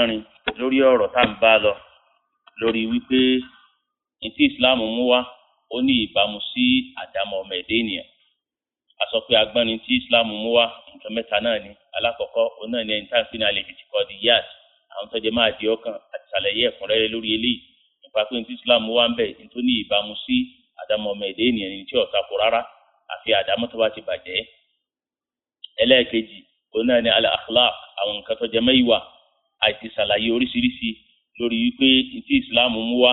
kẹrin lórí ọ̀rọ̀ tá n bá lọ lórí wípé ntí islam mú wá ó ní ìbámu sí àdámọ̀ ọmọ ẹ̀dá ènìyàn a sọ pé agbọ́nni tí islam mú wá nǹkan mẹ́ta náà ni alákọ̀ọ́kọ́ òun náà ni ẹni tá a fi ní alẹ́ ìdìtì kọ́ di yíyàt àwọn tó jẹ máa di ọkàn àti sàlẹ̀yé ẹ̀kúnrẹ́rẹ́ lórí eléyìí nípa pé ntí islam wá ń bẹ̀ ntó ní ìbámu sí àdámọ̀ ọmọ ẹ̀dá ènìyàn ni tí ò tako rárá àfi àdámọ̀ tó bá ti bàjẹ́ ẹlẹ́ẹ̀kejì òun náà ni al-akhlaq àwọn nǹkan tó jẹ mẹ́yìí wà àti ṣàlàyé oríṣiríṣi lórí wípé tí islam mú wá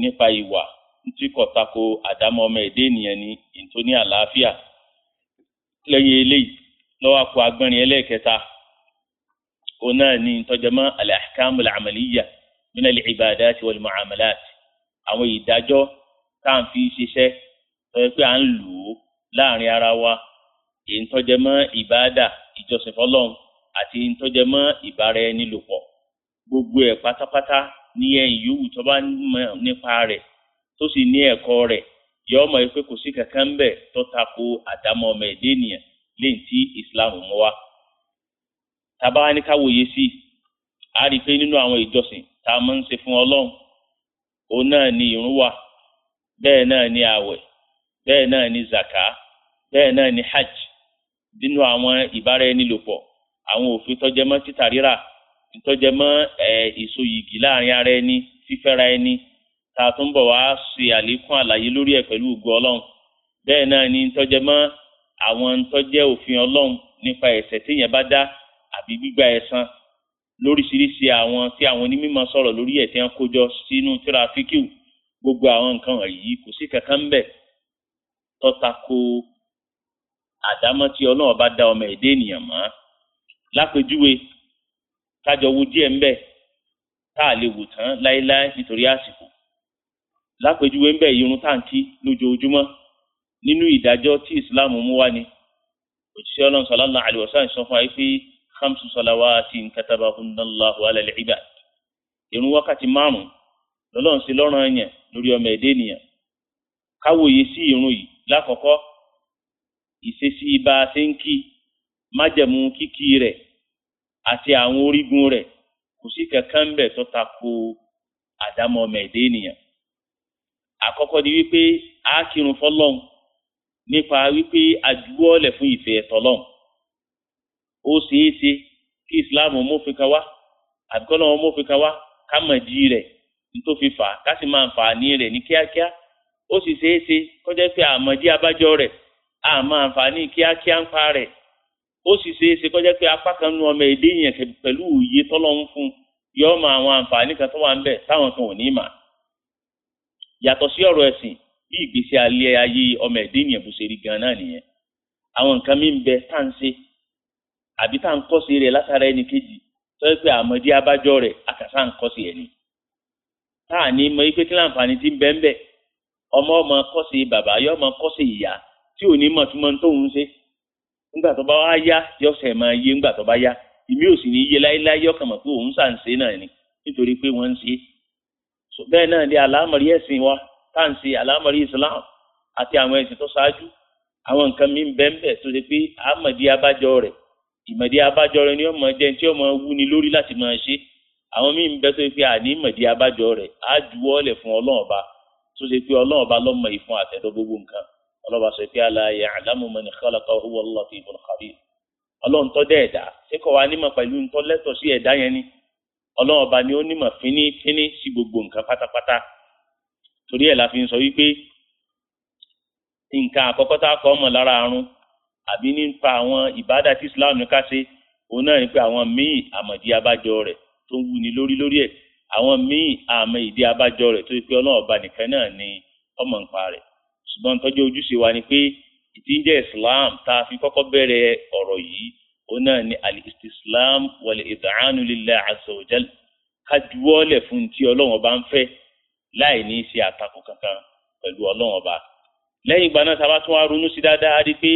nípa ìwà tí kò tako àdámọ́ ọmọ èdè ènìyàn ní ètò ní àlàáfíà lẹ́yìn eléyìí lọ́wọ́ akọ agbọ́nrin ẹlẹ́ẹ̀kẹta òun náà ní ìtọ́jọmọ́ al-ahkamu al-amaliyya min al-ibadati àwọn ìdájọ́ tá à ń fi ṣiṣẹ́ tọ́jú pé à ń lò ó láàrin ara wa èyí tọ́jọmọ́ ìjọsìn fọlọ́run àti ntọ́jẹmọ́ ìbára ẹni lò pọ̀ gbogbo ẹ̀ pátápátá ní ẹ̀yìn yòówù tó bá mọ̀ nípa rẹ̀ tó sì ní ẹ̀kọ́ rẹ̀ yọ ọmọ yìí pé kò sí kankan ń bẹ̀ tó tako àdámọ́ ọmọ ẹ̀dẹ́ ènìyàn lẹ́yìn tí Islam mú wá tàbá ní ká wòye sí i a rí i pé nínú àwọn ìjọsìn tá a máa ń ṣe fún Ọlọ́run òun náà ni ìrun wà bẹ́ẹ̀ náà ni àwẹ̀ bẹ́ẹ̀ náà ni zaka bẹ́ẹ̀ náà ni hajj nínú àwọn ìbára ẹni lò pọ̀ àwọn òfin tó jẹ mọ́ títà rírà tó jẹ mọ́ èso yìgì láàrin ara ẹni fífẹ́ra ẹni tá a tún bọ̀ wá ṣe àlékún àlàyé lórí ẹ̀ pẹ̀lú ògo ọlọ́run bẹ́ẹ̀ náà ni tó jẹ mọ́ àwọn tó jẹ́ òfin ọlọ́run nípa ẹ̀ṣẹ̀ téèyàn bá dá àbí gbígba ẹ̀san lóríṣiríṣi àwọn tí àwọn onímọ̀ sọ̀rọ̀ lórí ẹ̀ tí wọ́n kójọ sínú tíráfíkì gbogbo àwọn nǹkan wọ̀nyí kò sí kankan bẹ́ẹ̀ tó tako àdámọ́ tí ọlọ́run bá dá ọmọ ẹ̀dá ènìyàn mọ́ lápèjúwe kájọ wo díẹ̀ ńbẹ̀ tá a lè wò tán láéláé nítorí àsìkò lápèjúwe ńbẹ̀ irun táǹkì lójoojúmọ́ nínú ìdájọ́ tí Islam mú wá ni òṣìṣẹ́ ọlọ́run sọlọ́lá àlùwọ̀sán sọ fún wa pé hamsu salawaati nkataba hunnallahu ala al-ibad irun wákàtí márùn lọ́lọ́run sí lọ́rùn ẹ̀yàn lórí ọmọ ẹ̀dẹ́ ènìyàn káwòye sí irun yìí lákọ̀ọ́kọ́ ìṣesí bá ṣe ń kí májẹ̀mú kíkí rẹ̀ àti àwọn orígun rẹ̀ kò sí kankan ń bẹ tó ta ko àdámọ́ ọmọ ènìyàn àkọ́kọ́ ni wípé a kírun nípa wípé fún ìfẹ́ ẹ̀tọ́lọ́run ó ṣeé ṣe kí ìsìláàmù mọ́fin kan wá àbíkọ́nà wọn mọ́fin kan wá ká mọ̀ di rẹ̀ nítòfin fà ní rẹ̀ ní ó sì ṣeé ṣe pé àmọ̀dí abájọ rẹ̀ kíákíá ń ó sì ṣe é ṣe kọjá pé apá kan nu ọmọ èdè yẹn pẹ̀lú òye tọ́lọ́run fún yọ ọmọ àwọn àǹfààní kan tó wà ń bẹ táwọn kan ò ní mà yàtọ̀ sí ọ̀rọ̀ ẹ̀sìn bí ìgbésí alẹ́ ayé ọmọ èdè yẹn bó ṣe rí gan náà nìyẹn àwọn nǹkan mi ń bẹ tá ń ṣe àbí tá ń kọ́sí rẹ̀ látara ẹnì kejì tó yẹ pé àmọ́dé abájọ rẹ̀ àkàtà ń kọ́sí ẹni tá à ní mọ ipe kí láǹfààní ti ń nígbà tó bá wá yá yọ sẹ̀ máa yé nígbà tó bá yá ìmí ò sì ní yé láéláé yọ kàn mọ̀ pé òun sàn ṣe náà ni nítorí pé wọ́n ń ṣe bẹ́ẹ̀ náà ni àlámọ̀rí ẹ̀sìn wa tá à ń ṣe àlámọ̀rí Islam àti àwọn ẹ̀sìn tó ṣáájú àwọn nǹkan mi ń bẹ́ẹ̀ bẹ́ẹ̀ tó ṣe pé àmọ̀dí abájọ rẹ̀ ìmọ̀dí abájọ rẹ̀ ni ó mọ̀ jẹ́ tí ó mọ̀ wúni lórí láti mọ̀ ṣe àwọn míì ń bẹ tó ṣe pé àní ìmọ̀dí abájọ rẹ̀ á juwọ́ lẹ̀ fún ọlọ́ọ̀ba tó ṣe pé ọlọ́ọ̀ba lọ́mọ ìfún àtẹ̀dọ́ gbogbo nǹkan ọlọ́ba sọ pé ala ya'lamu man khalaqa huwa al-latiful khabir ọlọ́run tó dẹ́ ẹ̀dá ṣé kò wá nímọ̀ pẹ̀lú ntọ́ lẹ́tọ̀ sí ẹ̀dá yẹn ni ọlọ́run ọba ni ó nímọ̀ fínífíní sí gbogbo nǹkan pátápátá torí ẹ̀ la fi ń sọ wípé nǹkan àkọ́kọ́ tá a kọ́ ọmọ lára àrùn àbí nípa àwọn ìbádà tí Islam ká ṣe òun náà ni pé àwọn míì àmọ̀dí abájọ rẹ̀ tó wúni lórí lórí ẹ̀ àwọn míì àmọ̀ ìdí abájọ rẹ̀ tó yẹ pé ọlọ́run nìkan náà ni ọmọ nǹpa rẹ̀ ṣùgbọ́n tọ́jú ojúṣe wa ni pé ìtìjẹ́ islam tá a fi kọ́kọ́ bẹ̀rẹ̀ ọ̀rọ̀ yìí ó náà ni al-istislam wal-id'anu lillahi azza wa jal kájúwọ́lẹ̀ fún tí ọlọ́run ọba ń fẹ́ láì ní í ṣe àtakò kankan pẹ̀lú ọlọ́run ọba lẹ́yìn ìgbà náà sábà tún wá ronú sí dáadáa rí pé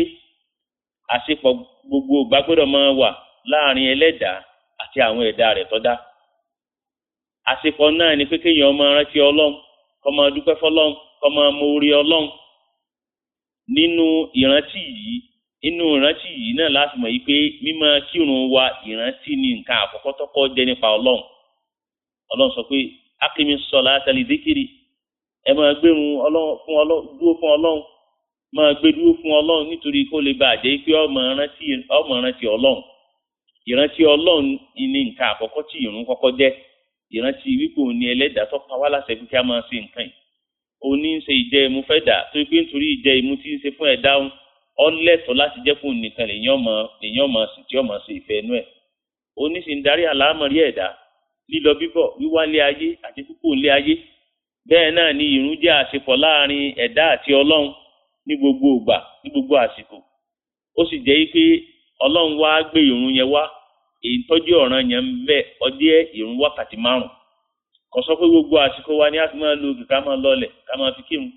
àṣepọ̀ gbogbo gbàgbọ́dọ̀ máa wà láàrin ẹlẹ́dàá àti àwọn ẹ̀dá rẹ̀ tọ́dá àṣepọ̀ náà ni pé kéèyàn máa rántí ọlọ́run kó máa dúpẹ́ fọlọ́run kó máa mọ orí ọlọ́run nínú ìrántí yìí inú ìrántí yìí náà láti mọ̀ yìí pé mímọ kírun wa ìrántí ní nǹkan àkọ́kọ́ tọ́kọ́ jẹ́ nípa ọlọ́run ọlọ́run sọ pé akimi ẹ máa fún ọlọ́run dúró fún ọlọ́run máa gbé dúró fún ọlọ́run nítorí kó lè bàjẹ́ pé ọmọ ọlọ́run ìrántí ọlọ́run nǹkan àkọ́kọ́ tí kọ́kọ́ jẹ́ ìrántí wípé oní ń ṣe ìjẹ ìmú fẹ́ dà tó pé nítorí ìjẹ ìmú tí ń ṣe fún ẹ̀dá ọlẹ́tọ̀ láti jẹ́ fún nìkan lèyàn mọ̀ lèyàn mọ̀ sí tí ọmọ ṣe ìfẹ́ inú ẹ̀ oní sì ń darí àlámọ̀rí ẹ̀dá lílọ bíbọ̀ wíwálé ayé àti púpọ̀ ilé ayé bẹ́ẹ̀ náà ni ìrun jẹ́ àṣepọ̀ láàrin ẹ̀dá àti ọlọ́run ní gbogbo ògbà ní gbogbo àsìkò ó sì jẹ́ pé ọlọ́run wá gbé ìrun yẹn wá èyí tọ́jú ọ̀ràn yẹn ń bẹ ọdẹ ìrun wákàtí márùn-ún kò sọ pé gbogbo àsìkò wa ni a fi máa lo ògì ká máa lọlẹ̀ ká máa fi kírun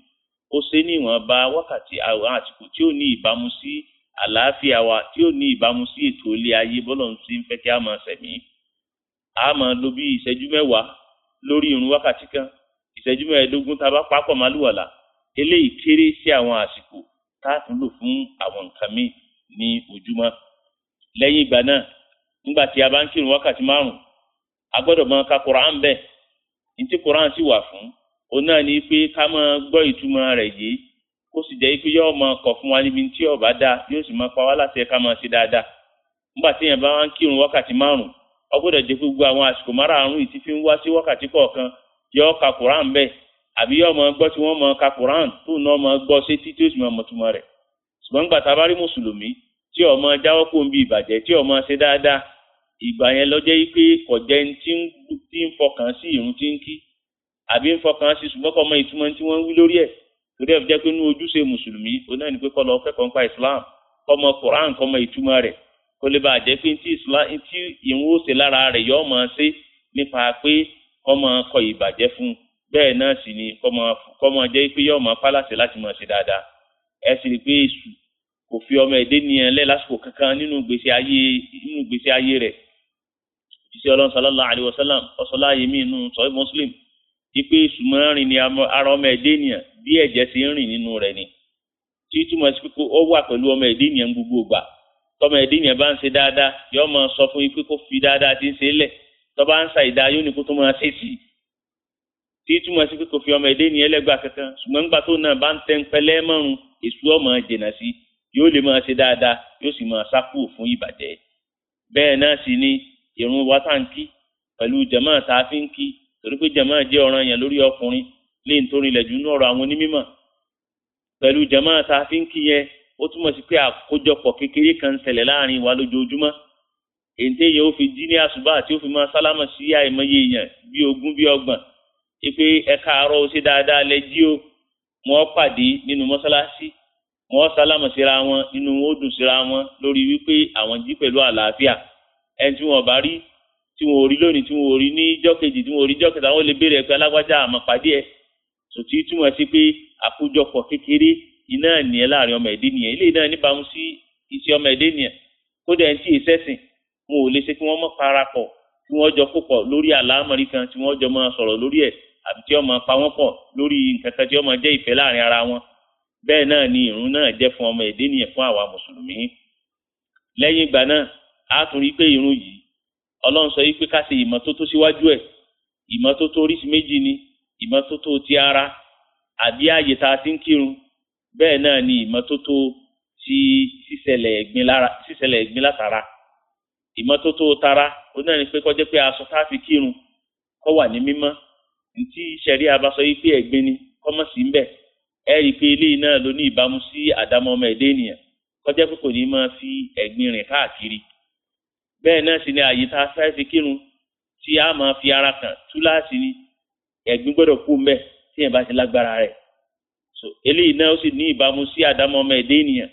ó ṣe ní ìwọ̀nba wákàtí àwọn àsìkò tí ó ní ìbámu sí àlàáfíà wa tí ó ní ìbámu sí ètò ilé ayé bọ́lọ̀ ń ti ń fẹ́ kí a máa sẹ̀mí a máa lo bí ìṣẹ́jú mẹ́wàá lórí irun wákàtí kan ìṣẹ́jú mẹ́ẹ̀ẹ́dógún tá a bá pápọ̀ málùwàlà eléyìí kéré sí àwọn àsìkò tá a tún lò fún àwọn nǹkan míì ní ojúmọ́ lẹ́yìn ìgbà náà nígbà tí a bá ń kírun wákàtí márùn-ún a gbọ́dọ̀ máa ka Kùránì bẹ́ẹ̀ ntí koran sì wà fún òun náà ni pé ká máa gbọ́ ìtumọ̀ rẹ̀ yìí kó sì jẹ́ pé yóò máa kọ̀ fún wa níbi tí ọ̀bá dá yóò sì máa pa wá láti ẹ̀ka máa ṣe dáadáa nígbà tí èèyàn bá wá ń kírun wákàtí márùn ó gbọ́dọ̀ jẹ́ pé gbogbo àwọn àsìkò márààrún yìí ti fi ń wá sí wákàtí kọ̀ọ̀kan yóò ka koran bẹ́ẹ̀ àbí yóò máa gbọ́ tí wọ́n máa ka koran tó náà máa gbọ́ ìgbà yẹn lọ jẹ́ pé kọ̀jẹ́ tí ń fọkàn sí ìrun tí ń kí àbí ń fọkàn sí ṣùgbọ́n kọ́ mọ ìtumọ̀ tí wọ́n ń wí lórí ẹ̀ torí ẹ̀ fi jẹ́ pé ní ojúṣe mùsùlùmí oní ẹni pé kọ́ lọ kẹ́kọ̀ọ́ nípa Islam kọ́ mọ Quran kọ́ mọ ìtumọ̀ rẹ̀ kó lè bàa jẹ́ pé tí ìrun ó ṣe lára rẹ̀ yọ mọ̀ ṣe nípa pé kọ́ mọ kọ ìbàjẹ́ fún bẹ́ẹ̀ náà sì ni kọ́ mọ jẹ́ pé yọ mọ pálàṣẹ láti mọ̀ ṣe dáadáa ẹ sì rí pé èṣù kò fi ọmọ ẹ̀dẹ́ nìyẹn lẹ́ lásìkò kankan nínú gbèsè ayé rẹ̀ ìṣe ọlọ́run sallallahu alaihi wasallam ọ̀sọ́lá yìí mí inú sọ Muslim ipe sùmọ́rin ni ara ọmọ ẹ̀dẹ́ ènìyàn bí ẹ̀jẹ̀ sì ń rìn nínú rẹ̀ ni tí túmọ̀ sí pé ó wà pẹ̀lú ọmọ ẹ̀dẹ́ ènìyàn gbogbo ìgbà tọmọ ẹ̀dẹ́ ènìyàn bá ń ṣe dáadáa yóò máa sọ fún ipe kó fi dáadáa ti ń ṣe lẹ̀ tọba ń sa ìdá yóò ní kó tó máa ṣe sí i tí túmọ̀ sí pé kò fi ọmọ ẹ̀dẹ́ ènìyàn lẹ́gbàá kankan ṣùgbọ́n nígbà tó náà bá ń tẹ́ ń pẹ́lẹ́ mọ́rùn èṣù ọmọ jìnnà sí yóò lè máa ṣe dáadáa yóò sì máa sá kúrò fún ìbàjẹ́ bẹ́ẹ̀ náà sì ni ìrun wa tá à ń kí pẹ̀lú jàmáà tá a fi ń kí torí pé jàmáà jẹ́ ọ̀ràn yẹn lórí ọkùnrin lè ń torí ilẹ̀jú ní ọ̀rọ̀ àwọn onímọ̀ pẹ̀lú jàmáà tá a fi ń kí yẹn ó túmọ̀ sí pé àkójọpọ̀ kékeré kan ń ṣẹlẹ̀ láàrin wa lójoojúmọ́ èyí yẹn ó fi dí ní àṣùbà àti ó fi máa sálámà sí àìmọye èèyàn bí ogún bí ọgbọ̀n pé ẹ káàárọ̀ ó ṣe dáadáa lẹ jí o wọ́n pàdé nínú mọ́ṣáláṣí wọ́n sálámà síra wọn inú ó dùn síra wọn lórí wípé àwọn jí pẹ̀lú àlàáfíà ẹni tí wọn bá rí tí wọn ò rí lónìí tí wọn ò rí ní ijọ́ kejì tí wọn ò rí ijọ́ kẹta wọn lè béèrè ẹ̀pẹ́ alágbájá àmọ́ pàdé ẹ̀ sòtí túmọ̀ sí pé àkójọpọ̀ kékeré iná nìyẹn láàrin ọmọ ẹ̀dẹ́ nìyẹn ilé náà níbàámu sí iṣẹ́ ọmọ ẹ̀dẹ́ nìyẹn kódà ẹni tí èyí sẹ́sìn wọn ò lè ṣe kí wọ́n mọ̀ parapọ̀ kí wọ́n jọ púpọ̀ lórí àlámọ̀rí kan tí wọ́n jọ máa sọ̀rọ̀ lórí ẹ̀ àbí tí wọ́n pa wọ́n pọ̀ lórí nǹkan tí wọ́n máa jẹ́ láàrin ara wọn bẹ́ẹ̀ náà ni ìrun náà jẹ́ fún ọmọ ẹ̀dẹ́ nìyẹn fún àwa mùsùlùmí lẹ́yìn ìgbà náà a tún rí pé irun yìí ọlọ́run sọ yìí pé ká ṣe ìmọ́tótó síwájú ẹ̀ ìmọ́tótó oríṣi méjì ni ìmọ́tótó ti ara àbí ààyè tá a ti ń kírun bẹ́ẹ̀ náà ni ìmọ́tótó ti sísẹ̀lẹ̀ ẹ̀gbin látara tara ó náà ni pé pé aṣọ tá a abasọ yìí pé ni sí ẹ rí i pé eléyìí náà ló ní ìbámu sí àdámọ́ fi ẹ̀gbin rìn káàkiri bẹ́ẹ̀ náà sì ni àyè tá a fẹ́ fi kírun tí a máa fi ara kàn túláàsì ni ẹ̀gbin gbọ́dọ̀ kú mbẹ́ tí yẹn bá ti lágbára rẹ̀ so eléyìí náà ó sì ní ìbámu sí àdámọ́ ọmọ ẹ̀dẹ́ ènìyàn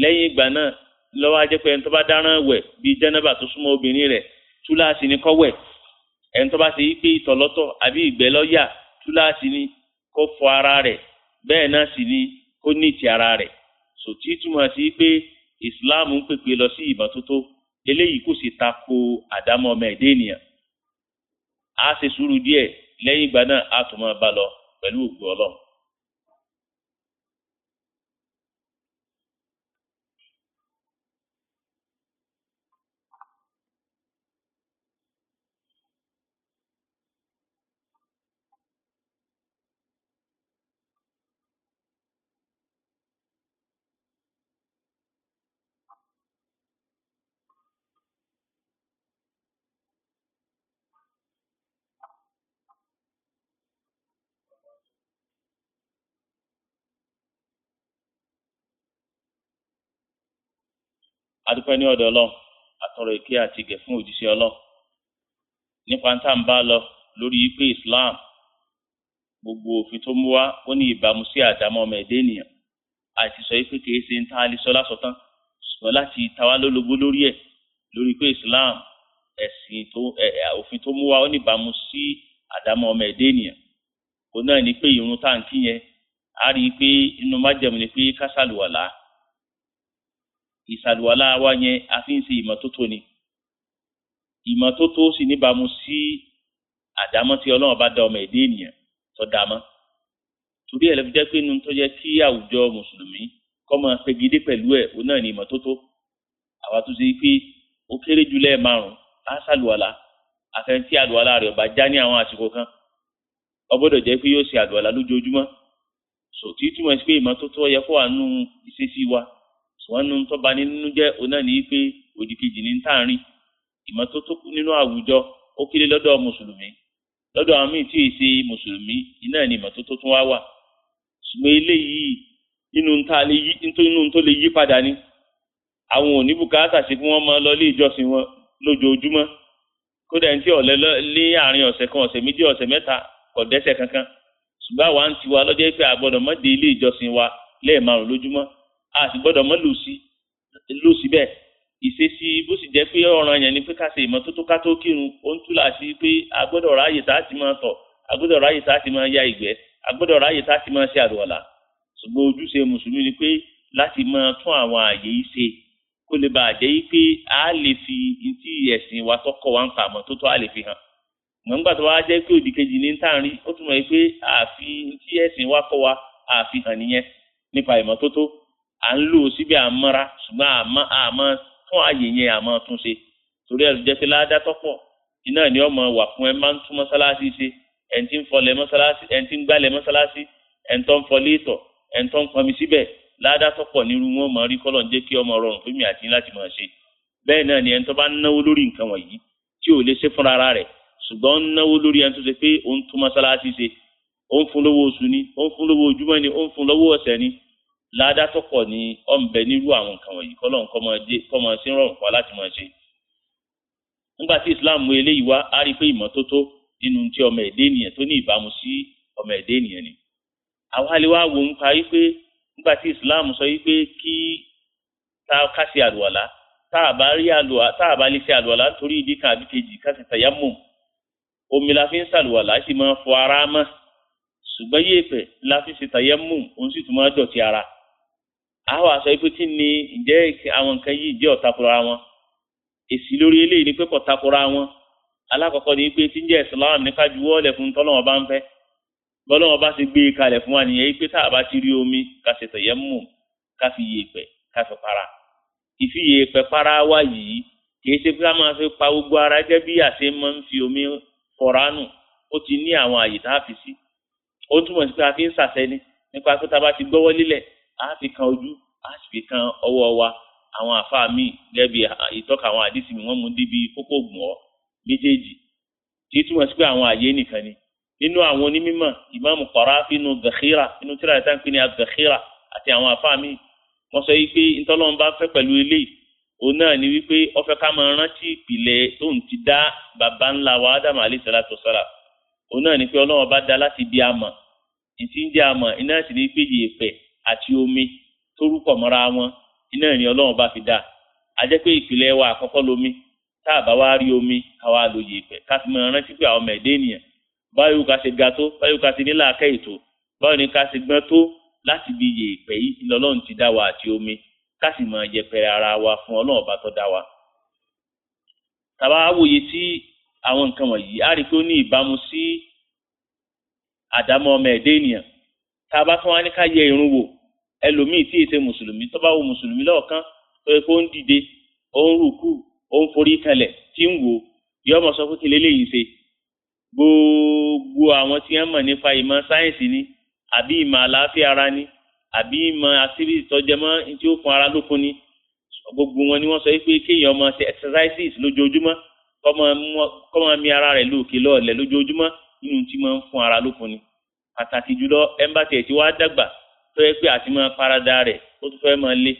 lẹ́yìn ìgbà náà lọ́wọ́ ajẹ́ pé ẹni tó bá dáràn wẹ̀ bíi jẹ́nẹ́bà tó súnmọ́ obìnrin rẹ̀ túláàsì ni kó wẹ̀ ẹni tó bá ti pé ìtọ̀ àbí ìgbẹ́ lọ́yà túláàsì ni kó so títúmọ̀ sí pé ìsìláàmù ń pèpè lọ eléyìí kò sì ta ko àdámọ́ ọmọ ẹ̀dá ènìyàn á ṣe sùúrù díẹ̀ lẹ́yìn ìgbà náà á tún máa bá lọ pẹ̀lú ògbó ọlọ́run adúpẹ́ ní ọ̀dọ̀ ọlọ́run àtọ̀rọ̀ èké àti ìgẹ̀ fún òjíṣẹ́ ọlọ́run nípa ń tà ń bá lọ lórí pé Islam gbogbo òfin tó mú wá ó ní ìbámu sí àdámọ́ ọmọ ẹ̀dẹ́ ènìyàn àti sọ pé kìí ṣe ń tá a lásọtán ṣùgbọ́n láti ta wá lólobó lórí ẹ̀ lórí pé Islam ẹ̀sìn tó òfin tó mú wá ó ní ìbámu sí àdámọ́ ọmọ ẹ̀dẹ́ ènìyàn òun náà ní pé ìrun táǹkì yẹn a rí i pé inú májẹ̀mú ni pé kásálùwàlá ìsàlùwàlá wa yẹn a fi ń ṣe ìmọ́tótó ni ìmọ́tótó sì níbàámu sí àdámọ́ tí ọlọ́run bá dá ọmọ èdè ènìyàn tó dámọ́ torí ẹ̀ lọ́fi jẹ́ pé inú tó yẹ kí àwùjọ mùsùlùmí kọ́ máa pegidé pẹ̀lú ẹ̀ òun náà ní ìmọ́tótó àwa tó ṣe pé ó kéré jù lẹ́ẹ̀ márùn-ún á sàlùwàlá àfẹnfí àlùwàlá rẹ̀ ọba já ní àwọn àsìkò kan ọgbọ́dọ̀ jẹ́ pé yóò ṣe àlùwàlá lójoojúmọ́ sòtítùmọ̀ sí pé ìmọ́tótó yẹ kó wà ìṣesí wa ṣùgbọ́n nínú tó bani nínú jẹ́ òun náà ní pé òdì kejì ní tààrin ìmọ́tótó nínú àwùjọ ó kéré lọ́dọ̀ mùsùlùmí lọ́dọ̀ àwọn míì tí ì ṣe mùsùlùmí iná ní ìmọ́tótó tún wá wà ṣùgbọ́n eléyìí inú tó lè yí padà ni àwọn òní bùkátà sí kí wọ́n máa lọ ilé ìjọsìn wọn lójoojúmọ́ kódà ní tí ọ̀lẹ́ lé àárín ọ̀sẹ̀ kan ọ̀sẹ̀ méjì ọ̀sẹ̀ mẹ́ta kò dẹ́ṣẹ̀ kankan ṣùgbọ́n àwa ń tiwa lọ́jọ́ pé àgbọ̀dọ̀ mọ́ de ilé ìjọsìn wa lẹ́ẹ̀márùn lójúmọ́ a sì gbọ́dọ̀ mọ́ lù sí lù síbẹ̀ ìṣesí bó sì jẹ́ pé ọ̀ràn yẹn ni pé ká ṣe ìmọ́tótó ká tó kírun ó ń túlà sí pé a gbọ́dọ̀ ráàyè tá a ti máa tọ̀ a gbọ́dọ̀ ráàyè tá a ti máa ya ìgbẹ́ a gbọ́dọ̀ ráàyè tá a ti máa ṣe àlùwàlà ṣùgbọ́n ojúṣe mùsùlùmí ni pé láti máa tún àwọn àyè yìí ṣe kó lè bàa jẹ́ pé a lè fi ntí ẹ̀sìn wa tọkọ wa ń pa àmọ́ tó tọ́ a lè fi hàn mọ̀ngbà tó wá jẹ́ pé òdì kejì ní tá ó túmọ̀ pé àfi ntí ẹ̀sìn wa kọ́ wa àfi nìyẹn nípa ìmọ́tótó à ń lò síbẹ̀ àmọ́ra ṣùgbọ́n àmọ́ àmọ́ fún àyè yẹn àmọ́ tún ṣe torí ẹ̀ jẹ́ pé ládá tọ́pọ̀ iná ni ọmọ wà fún ẹ máa ń tún mọ́sálásí ṣe ẹ̀ ń tí ń fọlẹ̀ mọ́sálásí ẹ̀ ń tí ń gbálẹ̀ mọ́sálásí ẹ̀ ń tọ́ ń fọlé ìtọ̀ ẹ̀ ń tọ́ ń pọnmi síbẹ̀ ládá tọ́pọ̀ nírú wọn mọ̀ rí kọ́lọ̀ ń jẹ́ kí ọmọ rọrùn fún mi àti láti máa ṣe bẹ́ẹ̀ náà ni ẹ̀ ń tọ́ bá ń náwó lórí nǹkan wọ̀nyí tí ò lè ṣe fúnra ara rẹ̀ ṣùgbọ́n ń náwó lórí ẹni tó ṣe pé ó ń tún mọ́sálásí ṣe ó ń fún lówó oṣù ni ó ń fún lówó ojúmọ́ ni ó ń fún lówó ọ̀sẹ̀ ni ládàtọ̀pọ̀ ni ọ̀ ń nírú àwọn nǹkan wọ̀nyí kọ́lọ́n kọ́mọ sí rọrùn pa láti máa ṣe. nígbà tí Islam mú eléyìí wá a rí i pé ìmọ́tótó nínú tí ọmọ ẹ̀dẹ́ ènìyàn tó ní ìbámu sí ọmọ ẹ̀dẹ́ ènìyàn ni. àwa lè wá wò ń pa yí pé nígbà tí Islam sọ yí pé kí ta a kásì àlùwàlá tá a bá rí àlùwà tá a bá lè ṣe àlùwàlá nítorí ìdí kan àbí kejì kásì tàyámù omi la fi ń ṣàlùwàlá sì máa fọ ara mọ́ ṣùgbọ́n yéèpẹ̀ la fi ṣe tàyámù òun sì tún máa dọ̀tí ara àwọn aṣọ ipe kí ni ǹjẹ́ àwọn nǹkan yìí jẹ́ ọ̀takùrọ̀ wọn èsì lórí eléyìí ni pé kò takùrọ̀ wọn alákọ̀ọ́kọ́ ni pé tí ń jẹ́ Islam ní kájúwọ́ lẹ̀ fún tọ́lọ́wọ́n bá ń fẹ́ bọ́lọ́wọ́n bá ti gbé e kalẹ̀ fún wa nìyẹn pé tá ti rí omi ká ṣe tẹ̀yẹ́ mú ká fi yé pẹ̀ ká fi para ìfi yé pẹ̀ para wá yìí kìí ṣe pé ká máa fi pa gbogbo ara jẹ́ bí àṣẹ máa ń fi omi fọ̀ránù ó ti ní àwọn àyè tá a fi sí ó túmọ̀ sí pé a fi ń ṣàṣẹ ni nípa pé tá a bá ti gbọ́wọ́ lílẹ̀ á fi kan ojú á sì fi kan ọwọ́ wa àwọn àfáà míì gẹ́bí ìtọ́ka àwọn àdìsí mi wọ́n mú débi kókó ògùn ọ́ méjèèjì tí túmọ̀ sí pé àwọn àyè nìkan ni nínú àwọn onímọ̀ ìmáàmù Qarafi nínú Dhakhira nínú tíra ìta ń pè ní Dhakhira àti àwọn àfáà míì wọ́n sọ yìí pé ntọ́lọ́run bá fẹ́ pẹ̀lú eléyìí òun náà ni wípé ó ká máa rántí ìpìlẹ̀ tóun ti dá baba ńlá wa Ádámù alayhi salatu wassalam náà ni pé Ọlọ́run bá dá láti bí amọ̀ ìtí ń jẹ́ amọ̀ iná sì ní pé yèèpẹ̀ àti omi tó rúpọ̀ mọ́ra wọn iná ìrìn ọlọ́run bá fi dá a jẹ́ pé ìpìlẹ̀ wa àkọ́kọ́ lomi tá a bá wá rí omi káwa lo yèèpẹ̀ ká sì máa rántí pé àwọn ọmọ ẹ̀dẹ́ ènìyàn báyìí ká ṣe ga tó báyìí ká ṣe nílà akẹ́ ètò báyìí ni ká ṣe gbọ́n tó láti bí yèèpẹ̀ yìí lọ́lọ́run ti dá wa àti omi ká sì máa yẹpẹrẹ ara wa fún ọlọ́run ọba tó dá wa. tàbá wòye tí àwọn nǹkan wọ̀nyí á rí i pé ó ní ìbámu sí àdámọ́ ọmọ ẹ̀dẹ́ ènìyàn tá a wá ní ká yẹ irun wò ẹlòmíì tí èsè mùsùlùmí tó bá wo mùsùlùmí lọ́ọ̀kan tó yẹ kó ń dìde ó ń rùkú ó ń forí kalẹ̀ tí ń wò yọ ọmọ sọ fún kí leléyìí ṣe gbogbo àwọn tí wọ́n mọ̀ nípa ìmọ̀ sáyẹ́ǹsì ni àbí ìmọ̀ àlàáfíà ara ni àbí ìmọ̀ activity tó jẹ mọ́ tí ó fún ara lókun ni gbogbo wọn ni wọ́n sọ pé kéèyàn máa ṣe exercises lójoojúmọ́ kó máa mi ara rẹ̀ lóòkè lọ́ọ̀lẹ̀ lójoojúmọ́ nínú tí máa ń fún ara lókun ni pàtàkì jùlọ ẹ̀ńbàtì ẹ̀ tí wàá dàgbà tó yẹ pé àti máa parada rẹ̀ ó tún fẹ́ máa lé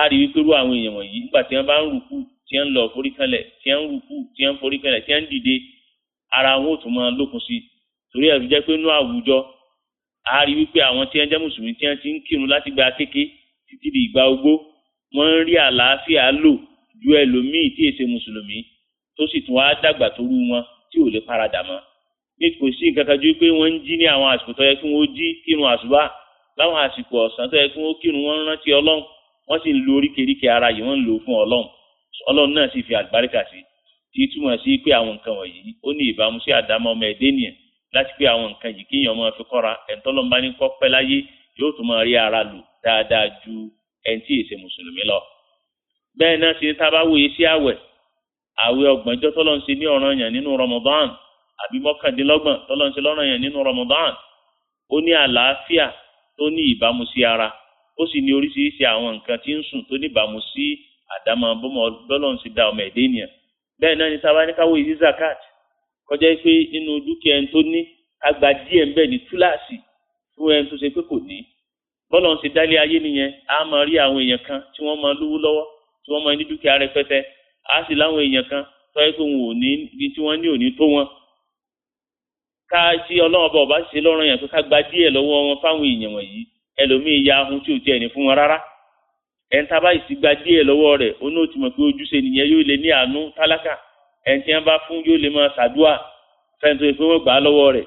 a rí wípé irú àwọn èèyàn wọ̀nyí nígbà tí wọ́n bá ń rùkú tí wọ́n ń lọ forí kanlẹ̀ tí wọ́n ń rùkú tí wọ́n ń forí kanlẹ̀ tí wọ́n ń dìde ara wọn ò tún máa lókun sí i torí ẹ̀ fi jẹ́ pé inú àwùjọ a wípé àwọn tí wọ́n jẹ́ mùsùlùmí tí wọ́n ti ń kírun láti gba kéke títí di ìgbà ogbó wọ́n ń rí àlàáfíà lò ju ẹlòmíì tí èsè mùsùlùmí tó sì tún wá dàgbà torú wọn tí ò lè paradà mọ́ ní sí nǹkan kan ju pé wọ́n ń jí ní àwọn àsìkò tó yẹ kí wọ́n jí kírun àsùbá láwọn àsìkò ọ̀sán tó yẹ kí wọ́n kírun wọ́n rántí ọlọ́run wọ́n sì ń lo oríkèéríkè ara yìí wọ́n ń lò fún ọlọ́run ọlọ́run náà sì fi àgbáríkà sí tí túmọ̀ sí pé àwọn nǹkan wọ̀nyí ó ní ìbámu sí àdámọ́ ọmọ ẹ̀dẹ́ nìyẹn láti pé àwọn nǹkan yìí kéèyàn máa fi kọ́ra ẹ̀ńtọ́lọ́mbá ní kọ́ pẹ́ láyé yóò tún máa rí ara lò dáadáa ju ẹni tí èsè mùsùlùmí lọ. bẹ́ẹ̀ náà sì ni tá a bá wòye sí àwẹ̀ àwẹ̀ ọgbọ̀njọ́ tọ́lọ́n ṣe ní ọ̀ràn yàn nínú Ramadan àbí mọ́kàndínlọ́gbọ̀n tọ́lọ́n ṣe lọ́ràn yàn nínú Ramadan ó ní àlàáfíà tó ní ìbámu sí ara ó sì ní oríṣiríṣi àwọn nǹkan tí ń sùn tó ní ìbámu sí àdámọ̀ bọ́mọ bọ́lọ̀ sì da ọmọ ẹ̀dẹ́ ènìyàn bẹ́ẹ̀ náà ni sábà ní káwọ́ ìdí zakat kọjá pé nínú dúkìá ẹni tó ní agba díẹ̀ ń bẹ̀ ní túláàsì fún ẹni tó ṣe pé kò ní bọ́lọ̀ ń sì dálé ayé nìyẹn á máa rí àwọn èèyàn kan tí wọ́n máa lówó lọ́wọ́ tí wọ́n máa ní dúkìá rẹpẹtẹ á sì láwọn èèyàn kan tọ́ ẹ pé wọn ò ní tí wọ́n ní òní tó wọn ká ṣe ọlọ́run bá ọba ṣe lọ́rùn yẹn pé ká gba díẹ̀ lọ́wọ́ wọn fáwọn èèyàn wọ̀nyí ẹlòmíì ya ohun tí ò tiẹ̀ ní fún wọn rárá ẹn tá a bá sì gba díẹ̀ lọ́wọ́ rẹ̀ ó ní òtún mọ̀ pé ojúṣe nìyẹn yóò lè ní àánú tálákà ẹn tí wọn bá fún yóò lè máa ṣàdúà fẹ́ntò ìpín wọn gbà á lọ́wọ́ rẹ̀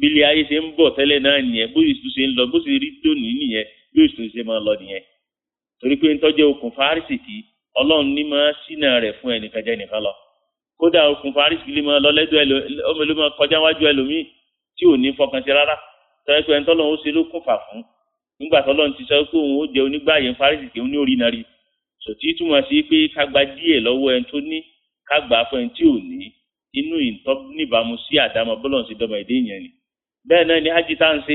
bílẹ̀ ayé ṣe ń bọ̀ tẹ́lẹ̀ náà nìyẹn bó sì ṣe ń lọ bó sì rí lónìí nìyẹn bí kódà okùn faris lè máa lọ lẹ́dọ̀ ọmọ ìlú máa kọjá wájú ẹlòmíì tí ò ní fọkàn sí rárá tọ́jú pé ẹ̀ńtọ́ lọ́wọ́ ṣe ló kún fà fún nígbà tó lọ́n ti sọ pé òun ó jẹ onígbààyè faris tí òun ní orí nàrí sòtí túmọ̀ sí pé ká gba díẹ̀ lọ́wọ́ ẹni tó ní ká gbà á fún ẹni tí ò ní inú ìtọ́ níbàámu sí àdámọ́ bọ́lọ̀ sí dọ́mọ èdè yẹn ni bẹ́ẹ̀ náà ni hajj tá à ń ṣe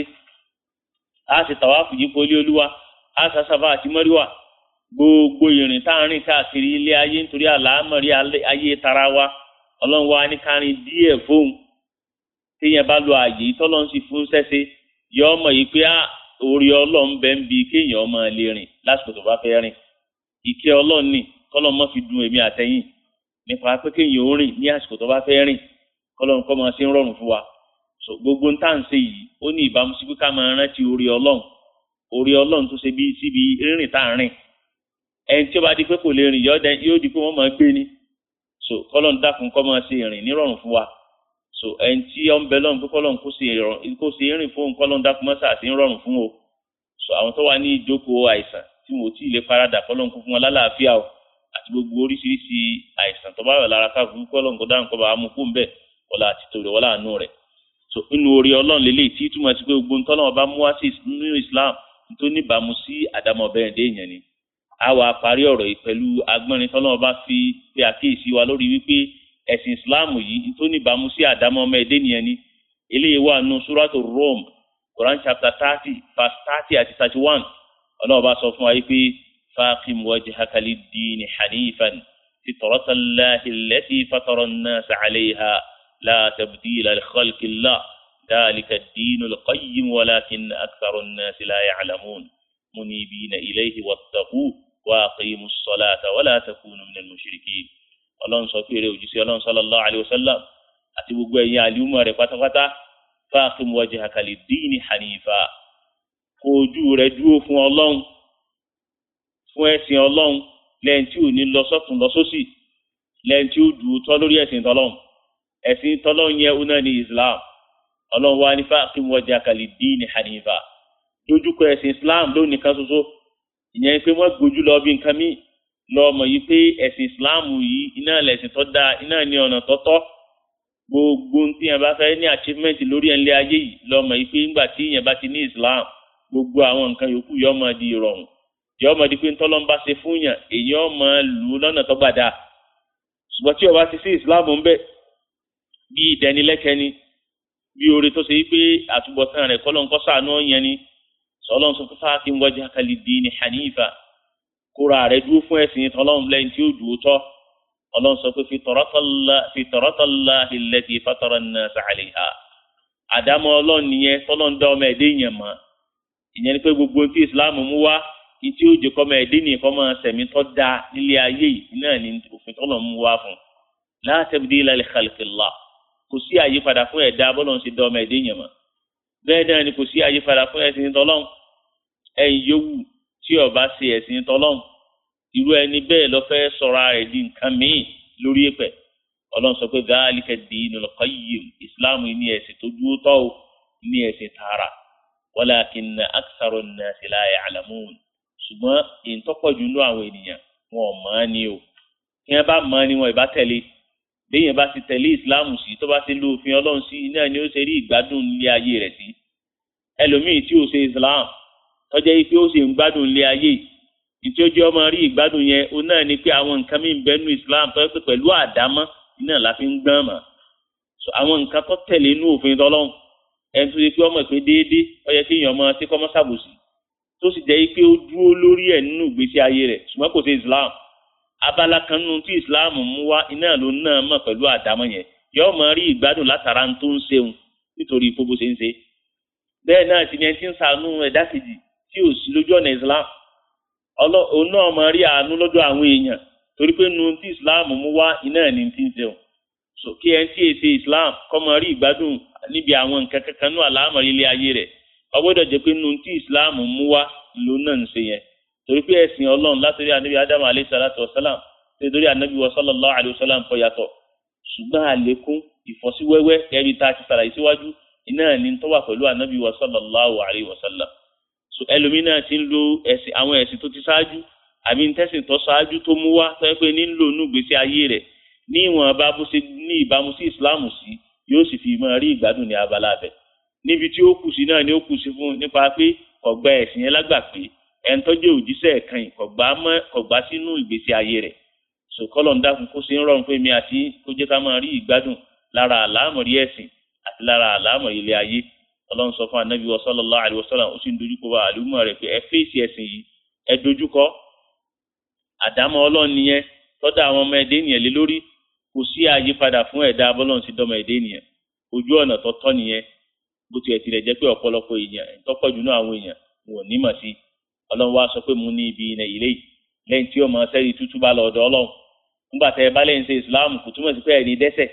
á ṣe tàwáfù yípo ilé olúwa á ṣàṣàfà àti mọ́ríwà gbogbo ìrìn tá ka ń rìn káàkiri ilé ayé nítorí àlámọ̀rí ayé tara wa ọlọ́run wa ní kárin díẹ̀ fóun téèyàn bá lo àyè tọ́lọ́run sì fún sẹ́sẹ́ yọ ọmọ yìí pé ah, orí ọlọ́run bẹ́ ń bi kéèyàn ọmọ lè rìn lásìkò tó bá fẹ́ rìn ìkẹ́ ọlọ́run ni kọ́lọ́run fi dun èmi àtẹ̀yìn nípa pé kéèyàn ó rìn ní àsìkò tó bá fẹ́ rìn kọ́lọ́run kọ́ máa ṣe gbogbo ń yìí ó ní ìbámu sí pé ká máa rántí orí ọlọ́run orí ọlọ́run tó ẹni tí ó bá di pé kò lè rìn yọ yóò di pé wọ́n máa gbé ni so kọ́lọ́n dákun kọ́ máa ṣe ìrìn nírọ̀rùn fún wa so ẹni tí ó ń bẹ lọ́run pé kọ́lọ́n kó ṣe ìrìn fún kọ́lọ́n dákun máa ṣàṣì nírọ̀rùn fún o so àwọn tó wà ní ìjókòó àìsàn tí wọn ò tí ì lè faradà kọ́lọ́n kó fún wọn lálàáfíà o àti gbogbo oríṣiríṣi àìsàn tó bá wà lára káàkiri kọ́lọ́n kó dáhùn kọ́ bá mú kún bẹ́ẹ̀ ọ̀la àti tòrè wọ́lá àánú rẹ̀ so inú orí ọlọ́run lélẹ̀ tí túmọ̀ sí pé gbogbo ntọ́lọ́wọ́ bá mú wá sí nínú Islam tó níbàámu sí àdámọ̀ bẹ́ẹ̀ dé èèyàn ni a wà parí ọ̀rọ̀ yìí pẹ̀lú agbọ́nrin tọ́lọ́wọ́ bá fi pe àkíyèsí wa lórí wípé ẹ̀sìn ìsìláàmù yìí tó níbàámu sí àdámọ́ ọmọ ẹ̀dẹ́ nìyẹn ni eléyìí wà nù súrátù Rum Quran chapter thirty verse thirty àti thirty one ọlọ́wọ́ bá sọ fún wa yìí pé faqim wajhaka lid-dini hanifan fitratallahi allati fatara an-nasa 'alayha la tabdila li khalqillah ذلك الدين القيم ولكن أكثر الناس لا يعلمون منيبين إليه واتقوه واقيم aqimu ولا تكونوا من المشركين. minal mushrikin ọlọ́run sọ pé eré òjíṣẹ́ ọlọ́run sallallahu alayhi wa sallam àti gbogbo ẹ̀yin àlùmọ̀ rẹ̀ pátápátá faqim wajhaka lid-dini hanifa kó ojú rẹ̀ dúró fún ọlọ́run fún ẹ̀sìn ọlọ́run lẹ́yìn tí ò ní lọ sọ́tún lọ sósì lẹ́yìn tí ó dùn tọ́ lórí ẹ̀sìn tọ́lọ́run ẹ̀sìn tọ́lọ́run yẹn ọ̀nà ní islam ọlọ́run wa ní faqim wajhaka lid-dini hanifa dojúkọ ẹ̀sìn islam lónìí kan ṣoṣo ìyẹn pé wọ́n gbójú lọ bí nǹkan míì lọ́mọ yìí pé ẹ̀sìn Islam yìí iná lẹ̀sìn tó dáa iná ní ọ̀nà tọ́tọ́ gbogbo tí yẹn bá fẹ́ ní achievement lórí ẹ̀ńlẹ́ ayé yìí lọ́mọ yìí pé ńgbà tí yẹn bá ti ní Islam gbogbo àwọn nǹkan yòókù yọ ọmọ di ìrọ̀rùn yọ ọmọ di pé ńtọ́lọ́ ń bá ṣe fún yàn èyàn ọmọ lù ú lọ́nà tó gbàdá ṣùgbọ́n tí ọba ti sí Islam ń bẹ bí ìdẹnilẹ́kẹ́ni bí oore tó ṣe yí pé àtúbọ̀tán rẹ̀ kọ́ ló ń kọ́ sàánú ọ̀yẹn ni sọlọ́n sọ pé fáàkì ń wájú akálí dín ní hanifa kóra rẹ̀ dúró fún ẹ̀sìn tọ́lọ́n lẹ́yìn tí ó dùn tọ́ ọlọ́n sọ pé fi tọ̀rọ̀tọ̀lá ìlẹ́tì fatọ́rọ̀ náà sàlẹ̀ ha àdámọ́ ọlọ́n nìyẹn tọ́lọ́n dá ọmọ ẹ̀dẹ́ yẹn mọ́ ìyẹn ni pé gbogbo tí ìsìláàmù mú wá ìtí ó jẹ kọ́mọ ẹ̀dẹ́ nìyẹn kọ́mọ sẹ̀mí tọ́ da nílé ayé yìí náà ni òfin tọ́lọ́n mú wá fún látẹ̀bídé ìlàlẹ̀ kàlùkìlá kò sí àyípadà fún ẹ̀dá bọ́lọ́n ṣe dá ọmọ ẹ̀dẹ́ yẹn mọ́ bẹ́ẹ̀ náà ni kò sí àyípadà fún ẹ̀sìn tọ́lọ́n ẹ̀yin yòówù tí ó bá ṣe ẹ̀sìn tọlọ́hun irú ẹni bẹ́ẹ̀ ló fẹ́ sọra rẹ̀ di nǹkan míì lórí ẹ̀pẹ̀ Ọlọ́run sọ pé dhalika ad-dinul qayyim islam ní ẹ̀sìn tó dúró tọ́ o ní ẹ̀sìn tààrà walakinna aktharun nasi la ya'lamun ṣùgbọ́n ìtọ́pọ̀jù nínú àwọn ènìyàn wọn ò mọ̀ ọ́ ni o kí wọ́n bá mọ̀ ni wọn ìbá tẹ̀lé béèyàn bá ti tẹ̀lé islam sí tó bá ti lo òfin Ọlọ́run sí náà ni ó ṣe rí ìgbádùn ilé ayé rẹ̀ sí ẹlòmíì tí ò ṣe islam tọ́jẹ́ yìí pé ó sì ń gbádùn ilé ayé yìí tí ó jẹ́ ọmọ rí ìgbádùn yẹn ó náà ni pé àwọn nǹkan mí bẹ́nu Islam tọ́jẹ́ pé pẹ̀lú àdámọ́ iná la fi ń gbọ́n mọ́ àwọn nǹkan tó tẹ̀lé inú òfin tọ́lọ́hún ẹni tó yẹ pé ọmọ ìpè déédé ó yẹ kéèyàn ọmọ tí kọ́mọ́ sàbòsí tó sì jẹ́ pé ó dúró lórí ẹ̀ nínú ìgbésí ayé rẹ̀ ṣùgbọ́n kò sí Islam abala kan nínú tí Islam mú wá iná ló náà mọ̀ pẹ̀lú àdámọ́ yẹn yóò máa rí ìgbádùn látara tó ń ṣeun nítorí ìfowópamọ́ ṣe ń ṣe bẹ́ẹ̀ náà ti ní ẹni tí ń ṣàánú ẹ̀dá kejì tí ò sí lójú ọ̀nà islam òun náà máa rí àánú lọ́dọ̀ àwọn èèyàn torí pé nu ti islam mú wá iná ní ti ń sẹ́wọ̀n so kí ẹ ń tí èsì islam kọ́ máa rí ìgbádùn níbi àwọn nǹkan kankan náà àlámọ̀ ilé ayé rẹ̀ ọgbọ́dọ̀ jẹ́ pé nu ti islam mú wá ló náà ń ṣe yẹn torí pé ẹ̀sìn ọlọ́run látòrí ànábi adamu alayhi salatu wa salam tẹ̀dórí ànábi wa sallallahu alayhi wa salam kọ yàtọ̀ ṣùgbọ́n àlékún ìfọ́síwẹ́wẹ́ kẹ́bi tá a ti sàlàyé síwájú iná ní tọ́wà pẹ̀lú ànábi wa sallallahu alayhi wa salam so ẹlòmíì náà ti ń lo ẹ̀sìn àwọn ẹ̀sìn tó ti ṣáájú àbí ntẹ́sìn tó ṣáájú tó mú wá tó yẹ pé nílò inú ìgbésí ayé rẹ̀ ní ìwọ̀n bá bó ṣe ní ìbámu sí ìsìláàmù sí yóò sì fi máa rí ìgbádùn ní abala abẹ níbi tí ó kù sí náà ni ó kù sí fún nípa pé kọ̀gbà ẹ̀sìn yẹn lágbà pé ẹni tó jẹ́ òjíṣẹ́ kan kọ̀gbà sínú ìgbésí ayé rẹ̀ sòkọ́lọ̀ ń dákun kó ṣe ń rọrùn fún mi àti kó jẹ́ ká máa rí ìgbádùn lára àlámọ̀rí ẹ̀sìn àti lára àlámọ̀rí ilé ayé ọlọ́run sọ fún anabi wa sallallahu alayhi wa sallam ó sì ń dojúkọ wa àlùmọ́ rẹ̀ pé ẹ fèsì ẹ̀sìn yìí ẹ dojúkọ àdámọ́ ọlọ́run nìyẹn tọ́da àwọn ọmọ ẹ̀dẹ́ nìyẹn lé lórí kò sí àyípadà fún ẹ̀dá bọ́lọ́run sí dọ́mọ ẹ̀dẹ́ nìyẹn ojú ọ̀nà tọ́tọ́ nìyẹn bó tiẹ̀ tilẹ̀ jẹ́ pé ọ̀pọ̀lọpọ̀ èèyàn tọ́pọ̀ jù náà àwọn èèyàn wọn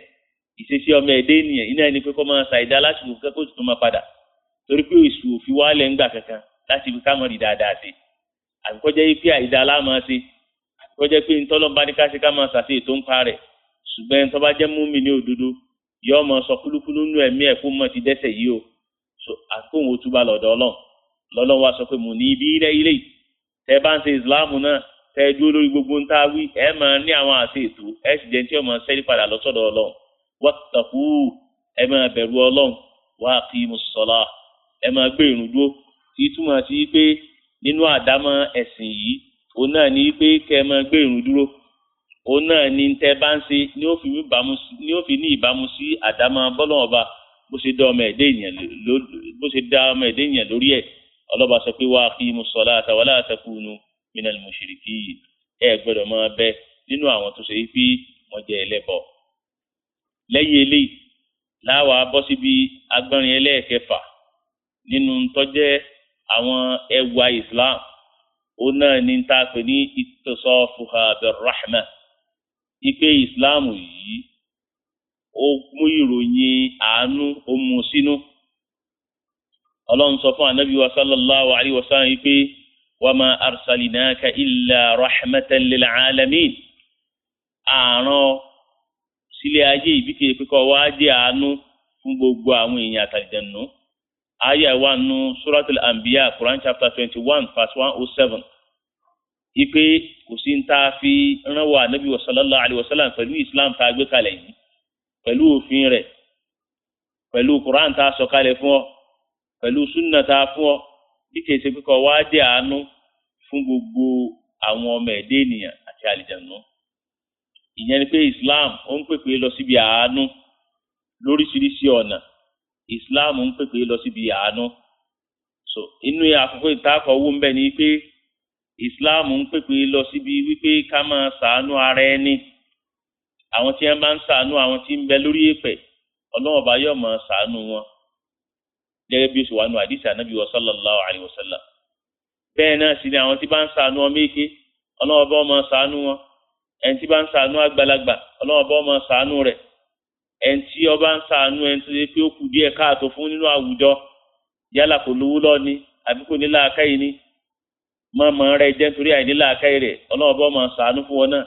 ìṣesí ọmọ ẹdẹ ènìyàn iná ẹni pé kọ́ máa sa ìdá láti wò kẹ́kọ̀ọ́ tó máa padà torí pé èṣù òfin wálẹ̀ ń gbà kankan láti fi ká mọ̀ rí dáadáa sí àbíkọ́jẹ́ yìí pé àìdá aláàmọ́ sí àbíkọ́jẹ́ pé ntọ́lọ́ba ní káṣí ká máa sàṣe ètò ń pa rẹ̀ ṣùgbọ́n tó bá jẹ́ múmi ní òdodo yọ ọmọ sọ kúlúkúlú nú ẹ̀mí ẹ̀kú mọ̀ ti dẹ́sẹ̀ yìí o àkóhùn otúbà lọ́dọ̀ ọlọ́run lọ́lọ́run wa sọ pé mò ní ibi ilẹ̀ ilé tẹ́ bá ń ṣe ìsìláàmù náà tẹ́ dúró lórí gbogbo ń tá a wí ẹ máa ní àwọn àṣẹ ètò ẹ sì jẹ́ tí ọmọ sẹ́rí padà lọ́sọ̀dọ̀ ọlọ́run wattaqu ẹ máa bẹ̀rù ọlọ́run wa aqimus salah ẹ máa gbé ìrun dúró tí túmọ̀ sí pé nínú àdámọ́ ẹ̀sìn yìí òun náà ní pé kẹ́ ẹ máa gbé ìrun dúró òun náà ní tẹ́ bá ń ṣe ni ó fi ní ìbámu sí àdámọ́ bọ́lọ́wọ́ bá bó ṣe dá ọmọ ẹ̀dẹ́ ènìyàn lórí ẹ̀ ọlọ́ba sọ pé wa aqimus salata wa la takunu minal mushrikin gbọ́dọ̀ máa bẹ nínú àwọn tó ṣe é pé wọ́n jẹ́ ẹlẹ́bọ̀ọ́ lẹ́yìn eléyìí láwa bọ́ síbi agbọ́nrin ẹlẹ́ẹ̀kẹfà nínú tọ́jẹ́ àwọn ẹwà Islam ó náà ní ta pè ní ittisafuha birrahma ipe Islam yìí ó mú ìròyìn àánú ó mú sínú ọlọ́run sọ fún anabi wa sallallahu alayhi wa sallam yìí pé wa arsalinaka illa rahmatan lil àrùn sílé ayé ìbí kìí pé kọ́ wá jẹ́ àánú fún gbogbo àwọn èèyàn àtàlìjẹ̀nù ayé wa nu suratul anbiya quran chapter twenty one verse one oh seven ipe kò sí ta fi anabi wa sallallahu pẹ̀lú islam ta gbé kalẹ̀ yìí pẹ̀lú òfin rẹ̀ pẹ̀lú quran ta sọ kalẹ̀ fún ọ pẹ̀lú sunna fún fún gbogbo àwọn ọmọ ẹ̀dẹ́ ènìyàn ìyẹn ni pé islam ó ń pèpè lọ síbi àánú lóríṣiríṣi ọ̀nà islam ń pèpè lọ síbi àánú so inú àkókò ìtaàkọ̀ owó ń bẹ̀ ni pé islam ń pèpè lọ síbi wípé ká máa ṣàánú ara ẹni àwọn tí wọ́n bá ń ṣàánú àwọn tí ń bẹ lórí èpẹ̀ ọlọ́wọ́n bá yọ̀ máa ṣàánú wọn gẹ́gẹ́ bí oṣù wánu àdìsí ànábì wa sallallahu alayhi wa sallam bẹ́ẹ̀ náà sì ni àwọn tí bá ń ṣàánú ọmọ èké ọlọ́wọ́n bá wọn máa ṣàánú wọn ẹni tí bá ń ṣàánú àgbàlagbà ọlọ́run bá ọmọ ṣàánú rẹ̀ ẹni tí ọba ń ṣàánú ẹni tó ṣe pé ó kù díẹ̀ káàtó fún nínú àwùjọ yálà kò lówó lọ ni àbí kò ní làákàyè ni mọ̀mọ́ rẹ̀ jẹ́ nítorí àìní làákàyè rẹ̀ ọlọ́run bá ọmọ ṣàánú fún wọn náà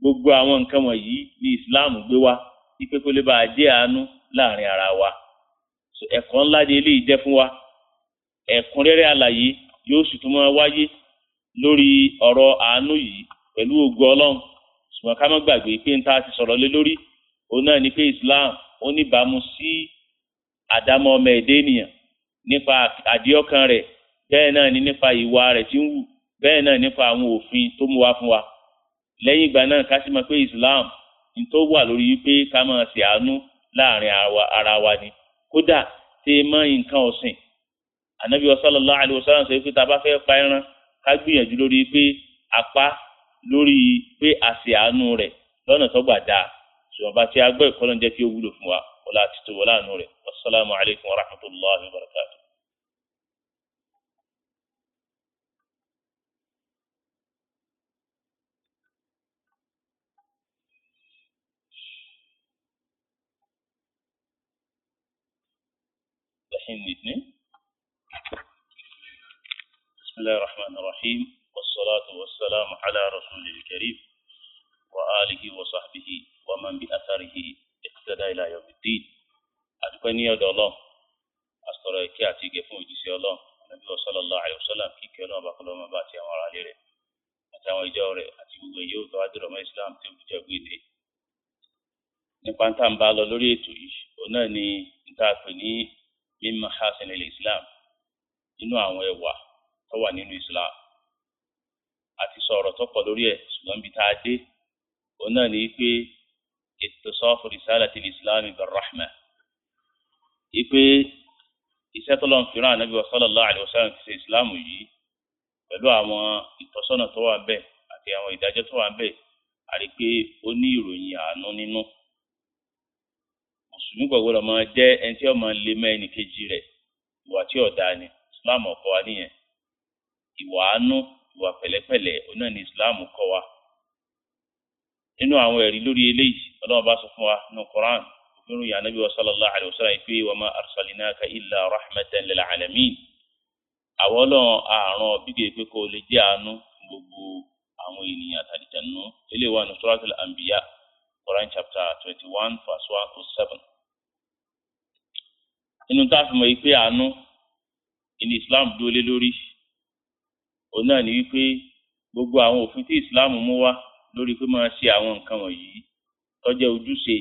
gbogbo àwọn nǹkan wọ̀nyí ni Islam gbé wa ipe kó lè bá a jẹ́ àánú láàrin ara wa ẹ̀kọ́ ńlá di eléyìí jẹ́ fún wa ẹ̀kúnrẹ́rẹ́ àlàyé yóò sì tún máa wáyé lórí ọ̀rọ̀ àánú yìí pẹ̀lú ògo Ọlọ́run ṣùgbọ́n ká má gbàgbé pé n ta ti sọ̀rọ̀ lé lórí òun náà ni pé Islam ó níbàámu sí àdámọ́ ọmọ èdè ènìyàn nípa àdíọ́kan rẹ̀ bẹ́ẹ̀ náà ni nípa ìwà rẹ̀ tí ń wù bẹ́ẹ̀ náà nípa àwọn òfin tó mú wá fún wa lẹ́yìn ìgbà náà ká sì mọ̀ pé Islam ní tó wà lórí wípé ká máa ṣe àánú láàrin ara wa ni kódà tí e mọ nǹkan ọ̀sìn Ànábì sallallahu alaihi wasallam sọ pé tá a bá fẹ́ pa ẹran ká gbìyànjú lórí pé apá lórí pé a ṣe àánú rẹ̀ lọ́nà tó gbà dáa ṣùgbọ́n bá ti agbẹ́ ìkọ́lọ́ jẹ́ kí ó wúlò fún wa ọlá àti tó wọlé àánú rẹ̀ wasalaamu alaykum wa rahmatulahi wa barakatuh. الحين الاثنين بسم الله الرحمن الرحيم والصلاة والسلام على رسول الكريم وآله وصحبه ومن بأثره اقتدى إلى يوم الدين أدبني يد الله أسترأيك أتيك فوجيسي الله النبي صلى الله عليه وسلم كي كانوا بقلوا ما باتي أمر عليه àtàwọn ìjọ rẹ̀ àti gbogbo ìyẹwò tó wá dúró ọmọ Islam tó fi jẹ gbèdé nípa tá à ń bá lọ lórí ètò nínú àwọn àti sọ̀rọ̀ tó pọ̀ lórí ẹ̀ ṣùgbọ́n bí tá a dé òun náà ní pé ittisafu risalati l-islami bir-rahma ipe iṣẹ́ tó lọ́n fìràn ànábì sallallahu alaihi wasallam ti ṣe ìsìláàmù yìí pẹ̀lú àwọn ìtọ́sọ́nà tó wà bẹ́ẹ̀ àti àwọn ìdájọ́ tó wà bẹ́ẹ̀ àrí pé ó ní ìròyìn àánú nínú mùsùlùmí gbọ̀gbọ́dọ̀ máa jẹ́ ẹni tí ó máa lè mọ ẹnì kejì rẹ̀ ìwà tí ọ̀dà ni islam ọ̀kọ́ wa nìyẹn ìwà àánú ìwà pẹ̀lẹ́pẹ̀lẹ́ oná ní islam kọ́ wa nínú àwọn ẹ̀rí lórí eléyìí ọlọ́run bá sọ fún wa nínú quran nínú ìyá anábì wa sallallahu alayhi wa sallam ìpè wa ma arsalinaka illa rahmatan lil alamin àwọn ọlọ́run àrùn bíkẹ́ pé kò lè jẹ́ àánú gbogbo àwọn ènìyàn àtàlìjànú eléyìí wà ní suratul anbiya quran chapter twenty one verse one to seven nínú táàfin mọ̀ yìí pé àánú ní islam dúró lé lórí òun náà ni wípé gbogbo àwọn òfin tí islam mú wá lórí pé máa ṣe àwọn nǹkan wọ̀nyí tọ́jẹ́ ojúṣe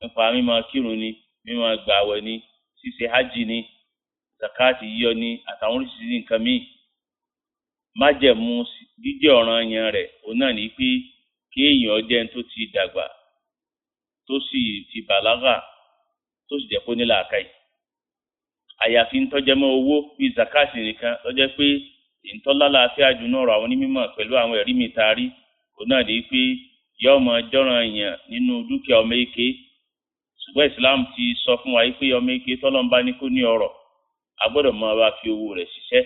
nípa mímọ kírun ni mímọ gbààwẹ̀ ni ṣíṣe hajj ni zakati yíyọ ni àtàwọn oríṣiríṣi nǹkan míì májẹ̀mú jíjẹ́ ọ̀ranyàn rẹ̀ òun náà ni pé kéèyàn jẹ́ tó ti dàgbà tó sì ti bàlágà tó sì jẹ́ kó ní làákàyè àyàfi ń tọ́jẹ́ mọ́ owó bíi zakati nìkan tọ́jẹ́ pé ìtọ́lálà àti àjùnú ọ̀rọ̀ àwọn onímọ̀ pẹ̀lú àwọn ẹ̀rí mi taari kò náà dé pé yọ ọmọ jọ̀ràn èèyàn nínú dúkìá ọmọ eke ṣùgbọ́n Islam ti sọ fún wa pé ọmọ eke tọ́lọ́mbá ní kó ní ọrọ̀ a gbọ́dọ̀ máa bá fi owó rẹ̀ ṣiṣẹ́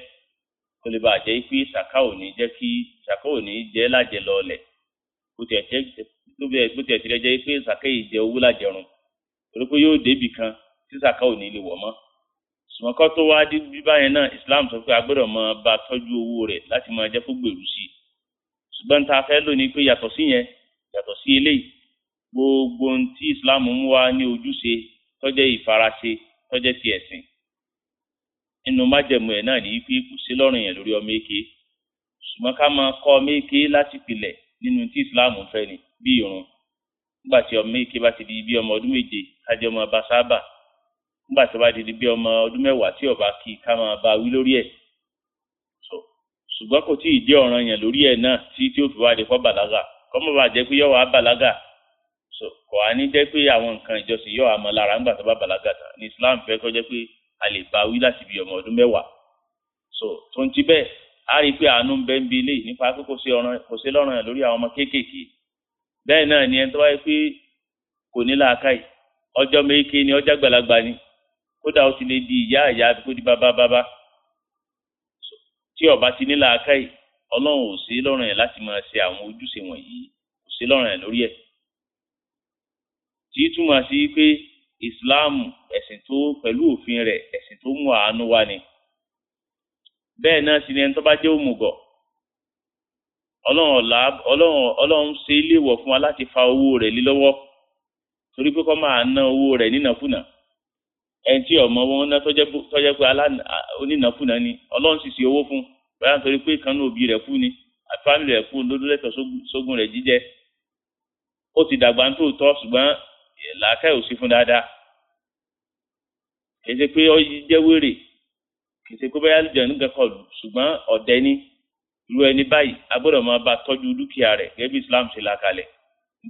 kó lè bàa jẹ́ pé ṣàká ò ní jẹ́ kí ṣàká ò ní jẹ́ lájẹ lọ́ọ̀lẹ̀ bó tiẹ̀ tilẹ̀ jẹ́ pé ṣàká yìí jẹ owó lájẹrun torí pé yóò débì kan tí ṣàká ò ní lè wọ̀ mọ́ ṣùgbọ́n kọ́ tó wá dé bí báyẹn náà Islam sọ pé a gbọ́dọ̀ máa bá tọ́jú owó rẹ̀ láti máa jẹ́ kó gbèrú sí i ṣùgbọ́n tá fẹ́ lò pé yàtọ̀ sí yẹn yàtọ̀ sí eléyìí gbogbo ohun tí Islam ń wá ní ojúṣe tọ́jẹ́ ìfaraṣe tọ́jẹ́ ti ẹ̀sìn nínú májẹ̀mú ẹ̀ náà nìyí pé kò sí lọ́rùn yẹn lórí ọmọ èké ṣùgbọ́n ká máa kọ́ ọmọ èké láti pilẹ̀ nínú tí Islam fẹ́ ni bí ìrun nígbà tí ọmọ èké bá ti di bí ọmọ ọdún méje ká jẹ́ ọmọ bá sábà nígbà tó bá di di bí ọmọ ọdún mẹ́wàá tí ọba kì í ká máa bá wí lórí ẹ̀ ṣùgbọ́n kò tí ì dé ọ̀ràn yẹn lórí ẹ̀ náà tí tí ó fi wá di fọ́ bàlágà kọ́mọ bá jẹ́ pé yọ̀wá bàlágà kò á ní jẹ́ pé àwọn nǹkan ìjọsìn yọ̀wá mọ́ lára nígbà tó bá bàlágà ní Islam a lè bá wí láti bí ọmọ ọdún mẹ́wàá so tó ń ti bẹ́ẹ̀ a bẹ bi ilé ọmọ kódà ó sì lè di ìyá ìyá àbí kó di bàbá bàbá tí ọba ti ní làákàyè ọlọ́run ò sí lọ́rùn ẹ̀ láti máa ṣe àwọn ojúṣe wọ̀nyí kò sí lọ́rùn ẹ̀ lórí ẹ̀ tí túmọ̀ sí pé islam ẹ̀sìn tó pẹ̀lú òfin rẹ̀ ẹ̀sìn tó mú àánú wá ni bẹ́ẹ̀ náà sì ni ẹni tó bá jẹ́ òmùgọ̀ ọlọ́run ṣe é léèwọ̀ fún wa láti fa owó rẹ̀ lé lọ́wọ́ torí pé kó máa ná owó rẹ̀ nínàkúnàá ẹni tí ọmọ wọn ná tọ́jẹ́ pé onínàkúnà ni ọlọ́run sì sí owó fún báyà nítorí pé ìkànnì òbí rẹ̀ kú ni àfáàmì rẹ̀ kú lódúlẹ́tọ̀ sógun rẹ̀ jíjẹ ó ti dàgbà tó tọ́ ṣùgbọ́n eh, làákà ò sí fún dáadáa kìí ṣe pé ó jẹ́ wèrè kìí ṣe pé báyà lè jẹun nǹkan kọlù ṣùgbọ́n ni irú ẹni báyìí a gbọ́dọ̀ máa bá tọ́jú dúkìá rẹ̀ gẹ́gẹ́ Islam ṣe là kalẹ̀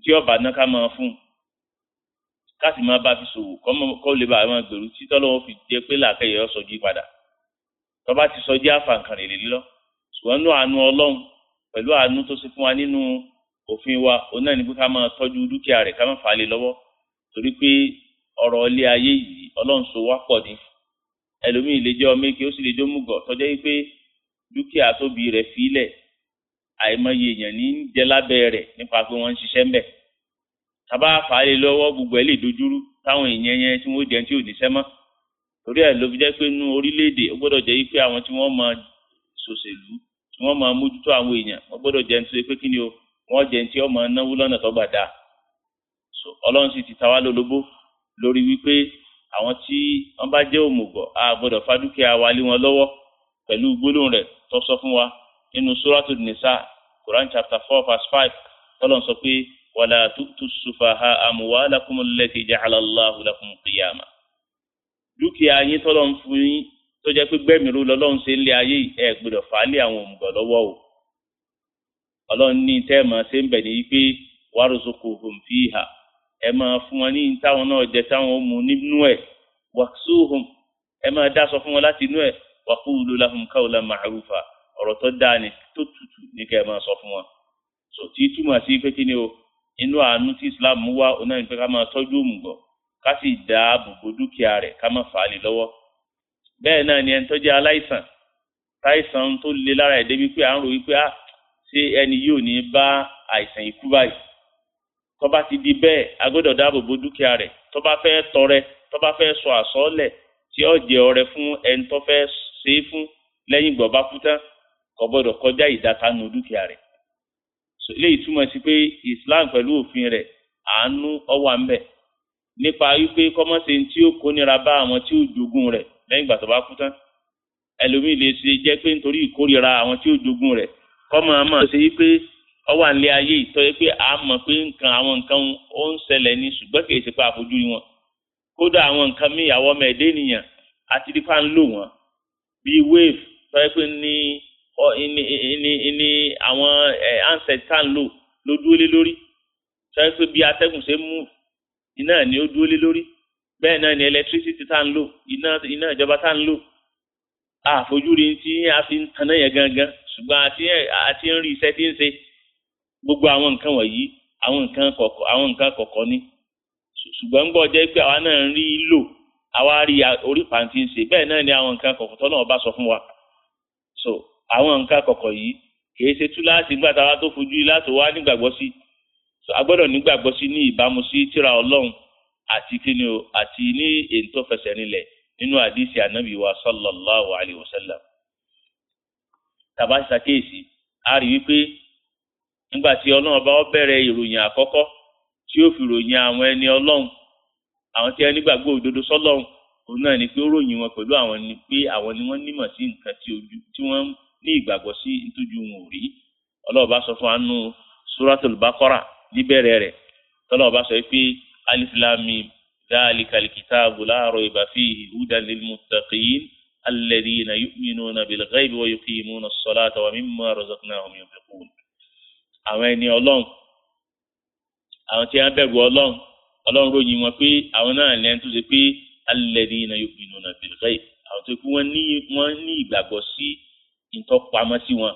tí ọba náà ká máa fún un káàsì máa bá fi ṣòwò kọ́ lè bá àwọn gbèrú tí tọ́lọ́wọ́ fi jẹ́ pé làákẹ́yẹ ọ sọjí padà tọ́ba ti sọjí àfàǹkàn rèé lílọ ṣùgbọ́n nínú àánú ọlọ́run pẹ̀lú àánú tó ṣe fún wa nínú òfin wa òun náà ní pé ká máa tọ́jú dúkìá rẹ̀ ká má fà á lé lọ́wọ́ torí pé ọ̀rọ̀ ilé ayé yìí ọlọ́run so wá pọ̀ ní ẹlòmíì lè jẹ́ ọmọ èké ó sì lè jẹ́ òmùgọ̀ tọ́jọ́ yìí pé dúkìá tóbi rẹ̀ fílẹ̀ àìmọye èèyàn ní jẹ lábẹ́ rẹ̀ nípa pé wọ́n ń ṣiṣẹ́ ń tábà fàálẹ̀ lọ́wọ́ gbogbo ẹ̀ lè dojúrú táwọn èèyàn yẹn tí wọ́n jẹ́ tí ò ní sẹ́mọ́ torí ẹ̀ ló fi jẹ́ pé nínú orílẹ̀-èdè ó gbọ́dọ̀ jẹ́ pé àwọn tí wọ́n máa ṣòṣèlú tí wọ́n máa mójútó àwọn èèyàn wọ́n gbọ́dọ̀ jẹ́ ní tó pé kí ni o wọ́n jẹ́ ní tí wọ́n máa náwó lọ́nà tó gbà dáa ọlọ́run sì ti ta wá lólobó lórí wípé àwọn tí wọ́n bá jẹ́ òmùgọ̀ a gbọ́dọ̀ fa dúkìá wa lé wọn lọ́wọ́ pẹ̀lú gbólóhùn rẹ̀ tó sọ fún wa nínú suratul nisa quran chapter four verse five tọ́lọ́n sọ pé ولا تؤتوا السفهاء أموالكم التي جعل الله لكم قياما dúkìá yín tọ́lọ́ ń fún yín tó jẹ́ pé gbẹ́mìíró lọ́lọ́run ṣe ń lé ayé ẹ̀ gbọ́dọ̀ fàálẹ̀ àwọn òmùgọ̀ lọ́wọ́ o ọlọ́run ní tẹ́ẹ̀mọ́ ṣe ń bẹ̀ ní pé warzuquhum fiha ẹ máa fún wọn ní táwọn náà jẹ táwọn ó mu nínú ẹ̀ waksuhum ẹ máa dáṣọ fún wọn láti inú ẹ̀ waqulu lahum qawlan ma'rufa ọ̀rọ̀ tó dáa ni tó tutù ní kẹ́ ẹ máa sọ fún wọn sọ tí túmọ̀ sí pé kí ni o inú àánú tí islam wá ọ̀nà ìpè ká máa tọ́jú òmùgọ̀ ká sì dáàbò dúkìá rẹ̀ ká má fà á ni ẹni tó jẹ́ aláìsàn táìsàn tó le lára ẹ̀ débi pé à ń ah ṣé ẹni yóò ní bá àìsàn ikú ti di bẹ́ẹ̀ a gbọ́dọ̀ dáàbò dúkìá rẹ̀ tó bá fẹ́ tọrẹ tó bá fẹ́ sọ tí ó eléyìí túmọ̀ sí pé islam pẹ̀lú òfin rẹ̀ àánú ọwà ń bẹ nípa wípé kọ́mọ́sẹ̀ tí ó kónira bá àwọn tí ó jogún rẹ̀ lẹ́yìn ìgbà tó bá kú tán ẹlòmíì lè ṣe jẹ́ pé nítorí ìkórira àwọn tí ó jogún rẹ̀ kọ́mọ́ àmọ́ ṣe wípé ọwà ńlẹ̀ ayé ìtọ́jẹ́ pé a mọ̀ pé nǹkan àwọn nǹkan ó ń ṣẹlẹ̀ ní ṣùgbọ́n kì í ṣe pé àfojú wọn kódà àwọn nǹkan míì àwọn ọmọ ẹ̀dẹ́ ènìyàn àti dípà ń lò wọ́n bíi wave tọ́jẹ́ pé ní ní ní ní àwọn handset tá ń lò ló dúró lé lórí sọ́yìn pé bí atẹ́gùn ṣe ń mú iná ni ó dúró lé lórí bẹ́ẹ̀ náà ni electricity tá ń lò iná iná ìjọba tá ń lò àfojúrí tí a fi ń tanná yẹn gangan ṣùgbọ́n a ti ń rí iṣẹ́ tí ń ṣe gbogbo àwọn nǹkan wọ̀nyí àwọn nǹkan kọ̀kọ̀ àwọn nǹkan kọ̀kọ̀ ni ṣùgbọ́n ń gbọ́ jẹ́ pé àwa náà ń rí lò àwa rí orí pàǹtí ń ṣe bẹ́ẹ̀ náà ni àwọn nǹkan kọ̀kọ̀ tó náà bá sọ fún wa so àwọn nǹkan kọ̀kọ̀ yìí kì í ṣe túláàsì nígbà táwa tó fojú yìí láti wá nígbàgbọ́ sí a gbọ́dọ̀ nígbàgbọ́ sí ní ìbámu sí tírà ọlọ́run àti kíni o àti ní èyí tó fẹsẹ̀ nílẹ̀ nínú àdìsí ànábì wa sallallahu alayhi wa sallam tàbá ṣàkíyèsí a rí wípé nígbà tí ọlọ́run bá bẹ̀rẹ̀ ìròyìn àkọ́kọ́ tí ó fi ròyìn àwọn ẹni ọlọ́run àwọn tí ẹni gbàgbọ́ òdodo sọlọ́run òun náà ni pé ó ròyìn wọn pẹ̀lú àwọn ni pé àwọn ni wọ́n nímọ̀ sí nǹkan tí wọ́n ní ìgbàgbọ́ sí ntójú wọn ò rí Ọlọ́run bá sọ fún wa nínú suratul Baqara níbẹ̀rẹ̀ rẹ̀ tọ́lọ́run bá sọ pé alif lam mim dhalikal kitabu la rayba fihi hudan lil muttaqin alladhina yu'minuna bil ghaibi wa yuqimuna as-salata wa mimma razaqnahum yunfiqun àwọn ẹni Ọlọ́run àwọn tí wọ́n bẹ̀rù Ọlọ́run Ọlọ́run ròyìn wọn pé àwọn náà lẹ́nu tó ṣe pé alladhina yu'minuna bil ghaibi àwọn tó kú wọ́n ní ìgbàgbọ́ sí ntọ́ pamọ́ sí wọn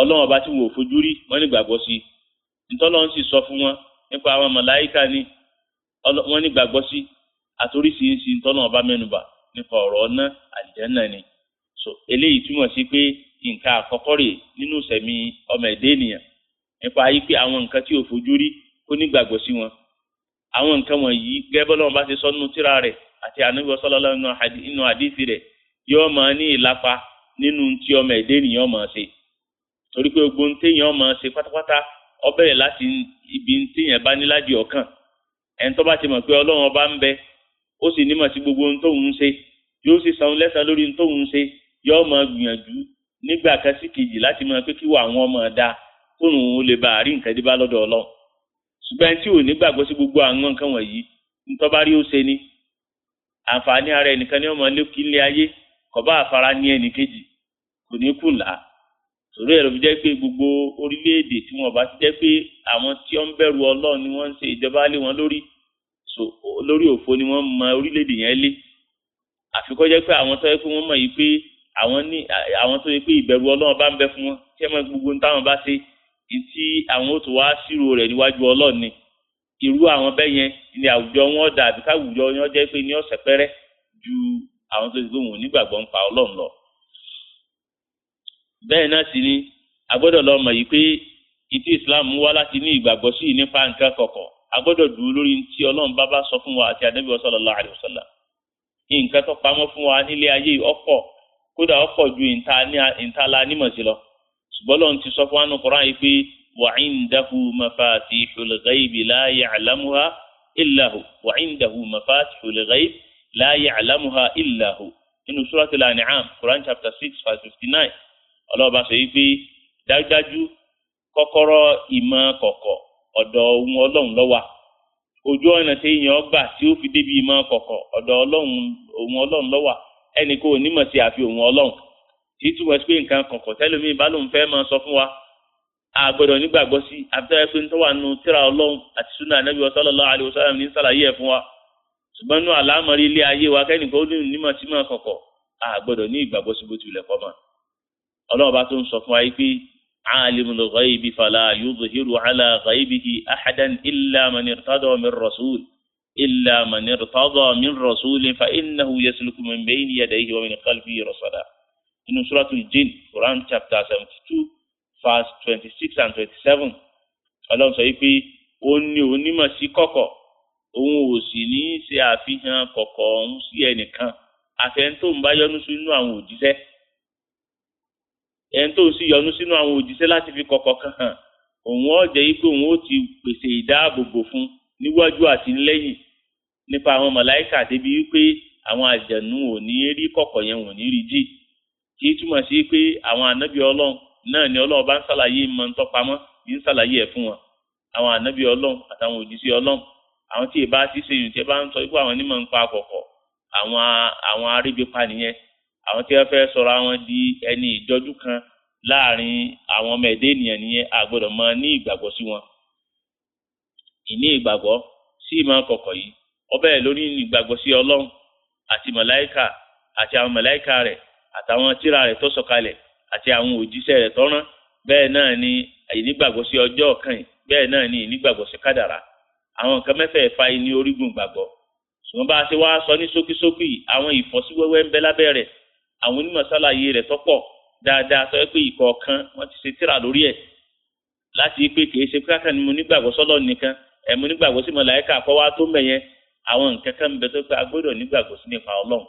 ọlọ́run ọba tí wọn ò fojú rí wọ́n ní gbàgbọ́ sí ntọ́lọ́run sì sọ fún wọn nípa àwọn màláíkà ni wọ́n ní gbàgbọ́ sí àtòrísìírísìí ntọ́lọ́run ọba mẹ́nuba nípa ọ̀rọ̀ ọ̀nà àlìjẹ́nà ni so eléyìí túmọ̀ sí pé nǹkan àkọ́kọ́ rèé nínú sẹ̀mí ọmọ ẹ̀dẹ́ ènìyàn nípa ayé pé àwọn nǹkan tí ò fojú rí ó ní gbàgbọ́ sí wọn àwọn nǹkan wọ̀nyí gẹ́gẹ́ lọ́wọ́ nínú tí ọmọ ẹ̀dẹ́ ènìyàn máa ṣe torí pé gbogbo téèyàn máa ṣe pátápátá ó bẹ̀rẹ̀ láti ibi téèyàn bá ní ládìí ọkàn ẹni tó bá ti mọ̀ pé ọlọ́run ọba ń bẹ ó sì nímọ̀ sí gbogbo ohun tóun ń ṣe yóò sì san lẹ́san lórí ohun tóun ń ṣe yóò máa gbìyànjú nígbà kan sí kejì láti mọ̀ pé kíwọ àwọn ọmọ ẹ̀dá tóun ò lè bá àrí nǹkan dé bá lọ́dọ̀ ọlọ́run ṣùgbọ́n tí ò nígbàgbọ́ sí gbogbo àwọn nǹkan wọ̀nyí ntọ́ba rí ó ṣe ni àǹfààní ara ẹnìkan ní ọmọ lókè ilé ayé kọba àfara ní ẹnì kejì kò ní kù là torí ẹ̀rọ fi jẹ́ pé gbogbo orílẹ̀-èdè tí wọ́n bá ti jẹ́ pé àwọn tí wọ́n ń bẹ̀rù ọlọ́run ni wọ́n ń ṣe ìjọba lé wọn lórí lórí òfo ni wọ́n mọ orílẹ̀-èdè yẹn lé àfikọ́ jẹ́ pé àwọn tó yẹ pé wọ́n mọ̀ yìí pé àwọn ní àwọn tó yẹ pé ìbẹ̀rù ọlọ́run bá ń bẹ fún wọn tí ẹ̀mọ́ gbogbo táwọn bá ṣe tí àwọn ó tó wá sírò rẹ̀ níwájú ọlọ́run ni irú ni àwùjọ wọn dà àbí káwùjọ wọn ju àwọn tó ti gbé wọn onígbàgbọ́ ń pa ọlọ́run lọ. bẹ́ẹ̀ náà sì ni a gbọ́dọ̀ lọ mọ̀ yìí pé ìtí islam wá láti ní ìgbàgbọ́ sí i nípa nǹkan kọ̀kọ̀ a gbọ́dọ̀ dúró lórí tí ọlọ́run bá bá sọ fún wa àti ànábì sallallahu alaihi wasallam nǹkan tó pamọ́ fún wa nílé ayé ọ̀pọ̀ kódà ọ̀pọ̀ ju ìntala nímọ̀ sí lọ ṣùgbọ́n lọ́run ti sọ fún wa nù yìí pé wa indahu mafatihul ghaibi la ya'lamuha illa hu wa indahu mafatihul ghaibi لا يعلمها إلا هو. إن سورة الأنعام, quran chapter six verse fifty nine ọlọ́ọ̀bá sọ yìí pé dájúdájú kọ́kọ́rọ́ ìmọ̀ kọ̀kọ̀ ọ̀dọ̀ ohun ọlọ́run ló wà ojú ọ̀nà tí èèyàn gbà tí ó fi débi ìmọ̀ kọ̀kọ̀ ọ̀dọ̀ ọlọ́run ohun ọlọ́run ló wà ẹnì kò nímọ̀ sí àfi ohun ọlọ́run tí túmọ̀ sí pé nǹkan kọ̀kọ̀ tẹ́lómi bá lóun fẹ́ máa sọ fún wa a gbọ́dọ̀ nígbàgbọ́ sí abẹ́rẹ́ pé ń tọ́wà nù tíra ọlọ́run àti súnà anábì sallallahu alaihi wasallam ní sàlàyé ẹ̀ fún wa ṣùgbọ́n nínú àlámọ̀rí ilé ayé wa kẹ́nìkan ó ní onímọ̀ tí máa kọ̀kọ̀ a gbọ́dọ̀ ní ìgbàgbọ́ sí bó tilẹ̀ kọ́ mọ̀ ọlọ́run bá tó ń sọ fún wa yìí pé alimul ghaibi fala yudhiru ala ghaibihi ahadan illa man irtada min rasul illa man irtada min rasul fa innahu yasluku min bayni yadayhi wa min khalfihi rasada inú suratul jin quran chapter seventy two verse twenty six and twenty seven ọlọ́run sọ yìí pé ó ní onímọ̀ sí kọ̀kọ̀ òun ò sì ní í ṣe àfihàn kọ̀kọ̀ si sí ẹnìkan àfẹn tó ń bá yọnu sínú àwọn òjíṣẹ́ ẹn tó ń sì yọnu sínú àwọn òjíṣẹ́ láti fi kọ̀kọ̀ kan hàn òun ó jẹ́ pé òun ó ti pèsè ìdáàbòbò fún níwájú àti lẹ́yìn nípa àwọn màláíkà débi wípé àwọn àjẹ̀nú ò ní rí kọ̀kọ̀ yẹn ò ní rí jì kì í túmọ̀ sí pé àwọn ànábì ni ọlọ́run bá ń ń ẹ̀ fún wọn àwọn ànábì ọlọ́run àtàwọn àwọn tí ìbá ti ṣe yìí tí ẹ bá ń sọ pé àwọn onímọ̀ ń pa àkọ́kọ́ àwọn àwọn aríbipa nìyẹn àwọn tí wọ́n fẹ́ sọ̀rọ̀ àwọn di ẹni ìjọ́jú kan láàrin àwọn ọmọ ẹ̀dẹ́ ènìyàn nìyẹn àgbọ́dọ̀ máa ní ìgbàgbọ́ sí wọn ìní ìgbàgbọ́ sí ìmọ̀ kọ̀kọ̀ yìí ọbẹ̀ lórí ìgbàgbọ́ sí ọlọ́run àti màláíkà àti àwọn màláíkà rẹ̀ àtàwọn tírà rẹ̀ tó sọ̀kalẹ̀ àti àwọn òjíṣẹ́ rẹ̀ tó bẹ́ẹ̀ náà ni ìnígbàgbọ́ sí ọjọ́ kan bẹ́ẹ̀ náà ni ìnígbàgbọ́ sí kádàrá àwọn nǹkan mẹ́fẹ̀ẹ̀fà yìí ní orígun gbàgbọ́ ṣùgbọ́n bá a ṣe wá sọ ní ṣókíṣókí àwọn ìfọ́síwẹ́wẹ́ ń bẹ lábẹ́ rẹ̀ àwọn onímọ̀ sálàyé rẹ̀ tọ́pọ̀ dáadáa sọ pé ìkọ̀ọ̀kan wọ́n ti ṣe tíra lórí ẹ̀ láti pé kì í ṣe kíláàkà ni mo nígbàgbọ́ sọ́lọ́ nìkan ẹ̀ mo nígbàgbọ́ sí mọ̀láyíkà kọ́ wá tó mẹ̀yẹn àwọn nǹkan kan ń bẹ tó pé a gbọ́dọ̀ nígbàgbọ́ sí nípa ọlọ́run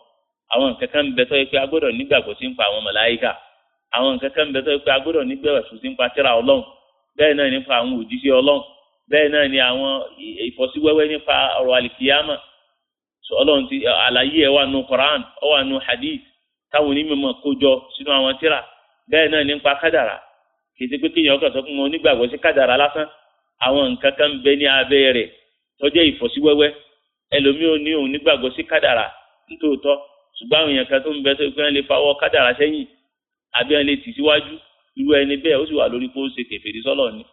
àwọn nǹkan kan ń bẹ tó pé a gbọ́dọ̀ nígbàgbọ́ sí nípa àwọn mọ̀láyíkà àwọn nǹkan kan ń bẹ tó pé a gbọ́dọ̀ nígbàgbọ́ sí nípa tíra ọlọ́run bẹ́ẹ̀ náà nípa àwọn òjíṣẹ́ ọlọ́run bẹ́ẹ̀ náà ni àwọn ìfọ́síwẹ́wẹ́ nípa ọ̀rọ̀ àlìkìyàmà ọlọ́run ti àlàyé ẹ̀ wà nù Quran ó wà nù hadith táwọn onímọ̀ kójọ sínú àwọn tíra bẹ́ẹ̀ náà nípa kádàrà kìí pé kéèyàn kàn sọ fún wọn onígbàgbọ́ sí kádàrà lásán àwọn nǹkan kan bẹ ní abẹ́ rẹ̀ tó jẹ́ ìfọ́síwẹ́wẹ́ ẹlòmíì ò ní òun nígbàgbọ́ sí kádàrà nítòótọ́ ṣùgbọ́n àwọn èèyàn kan tó ń bẹ tó pé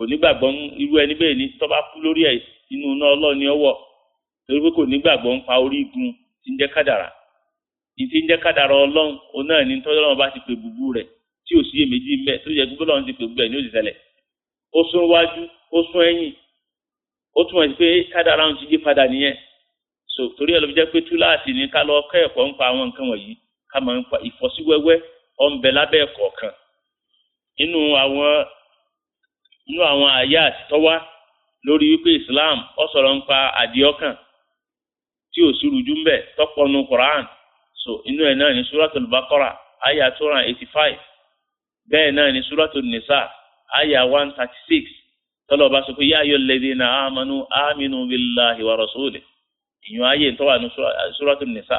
kò nígbàgbọ́ irú ẹni bẹ́ẹ̀ ni tọ́ bá kú lórí ẹ̀ inú iná ọlọ́ọ̀ni ọwọ́ torí pé kò nígbàgbọ́ ń pa orígun tí ń jẹ́ kádàrà ní tí ń jẹ́ kádàrà ọlọ́run òun náà ní tọ́jú ọlọ́run bá ti pè bùbú rẹ̀ tí ò sí èméjì ń bẹ tó yẹ gbogbo ọlọ́run ti pè bùbú ẹ̀ ní ó ti ṣẹlẹ̀ ó sún wájú ó sún ẹ̀yìn ó túmọ̀ sí pé kádàrà ń ti yí padà nìyẹn so torí ẹ̀ ló fi jẹ́ pé túláàsì ni ká lọ kẹ́ẹ̀kọ́ ń pa àwọn nǹkan wọ̀nyí ká máa ń pa ìfọ́síwẹ́wẹ́ ọ̀ ń bẹ lábẹ́ ẹ̀kọ̀ọ̀kan nínú àwọn nínú àwọn àyà àtitọ́wá lórí wípé Islam ó sọ̀rọ̀ nípa àdìọ́kàn tí ò sírújú ń bẹ̀ tọ́pọ̀nù Quran so inú ẹ̀ náà ní Suratul Baqara àyà two hundred eighty five bẹ́ẹ̀ náà ní Suratul Nisa àyà one thirty six tọ́lọ́ba sọ pé yáyọ lẹ́dínà àmánú àmínú billahi wa rasulih ìyún ayé tó wà ní Suratul Nisa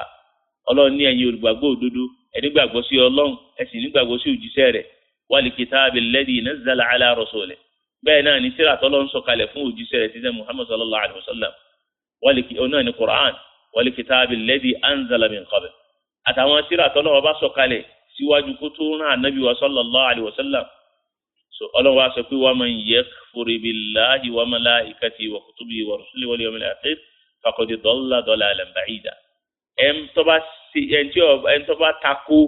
ọlọ́run ní ẹ̀yin olùgbàgbọ́ òdodo ẹni gbàgbọ́ sí ọlọ́run ẹ nígbàgbọ́ sí òjíṣẹ́ rẹ̀ wal kitabil ladhi nazzala ala bẹ́ẹ̀ náà ni tíra tọ́lọ́ ń sọ̀kalẹ̀ fún òjíṣẹ́ rẹ̀ títẹ̀ muhammad sallallahu alayhi wa sallam ọ̀nà ni quran wàlí kitaabi lẹ́dí anzala min qabl àtàwọn tíra tọ́lọ́ ọba sọ̀kalẹ̀ síwájú kó tó rán anabi wa sallallahu alayhi wa sallam ọlọ́wà sọ pé wa man yakfur billahi wa malaikati wa kutubi wa rusuli wal yawmil akhir faqad dalla dalalan ba'ida ẹn tó bá takò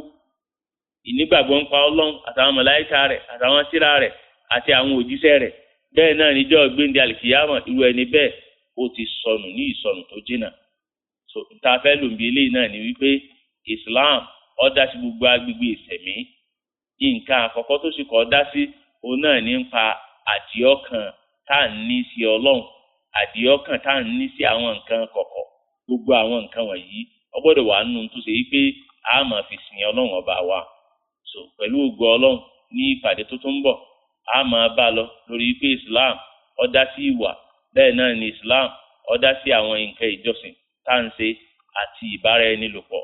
ìnígbàgbọ́ ń ọlọ́run àtàwọn màláíkà rẹ̀ àtàwọn tíra rẹ̀ àti àwọn òjíṣẹ́ rẹ̀ bẹ́ẹ̀ náà níjọ́ gbéńdé àlìkìyàmọ̀ irú ẹni bẹ́ẹ̀ ó ti sọnù ní ìsọnù tó jina so tá a fẹ́ naani wipe eléyìí náà ni wípé Islam ó gbogbo agbègbè ìsẹ̀mí nǹkan àkọ́kọ́ tó sì kọ́ dá sí òun náà ní àdìọ́kàn tá à ń ní sí Ọlọ́run àdìọ́kàn tá à gbogbo àwọn nǹkan wọ̀nyí wà tó ṣe fi sin Ọlọ́run ọba wa so pẹ̀lú ògo Ọlọ́run ní ìpàdé tó a máa bá lọ lórí pé Islam ó dá sí ìwà bẹ́ẹ̀ náà ni Islam ó dá sí àwọn nǹkan ìjọsìn tá à ń ṣe àti ìbára ẹni lò pọ̀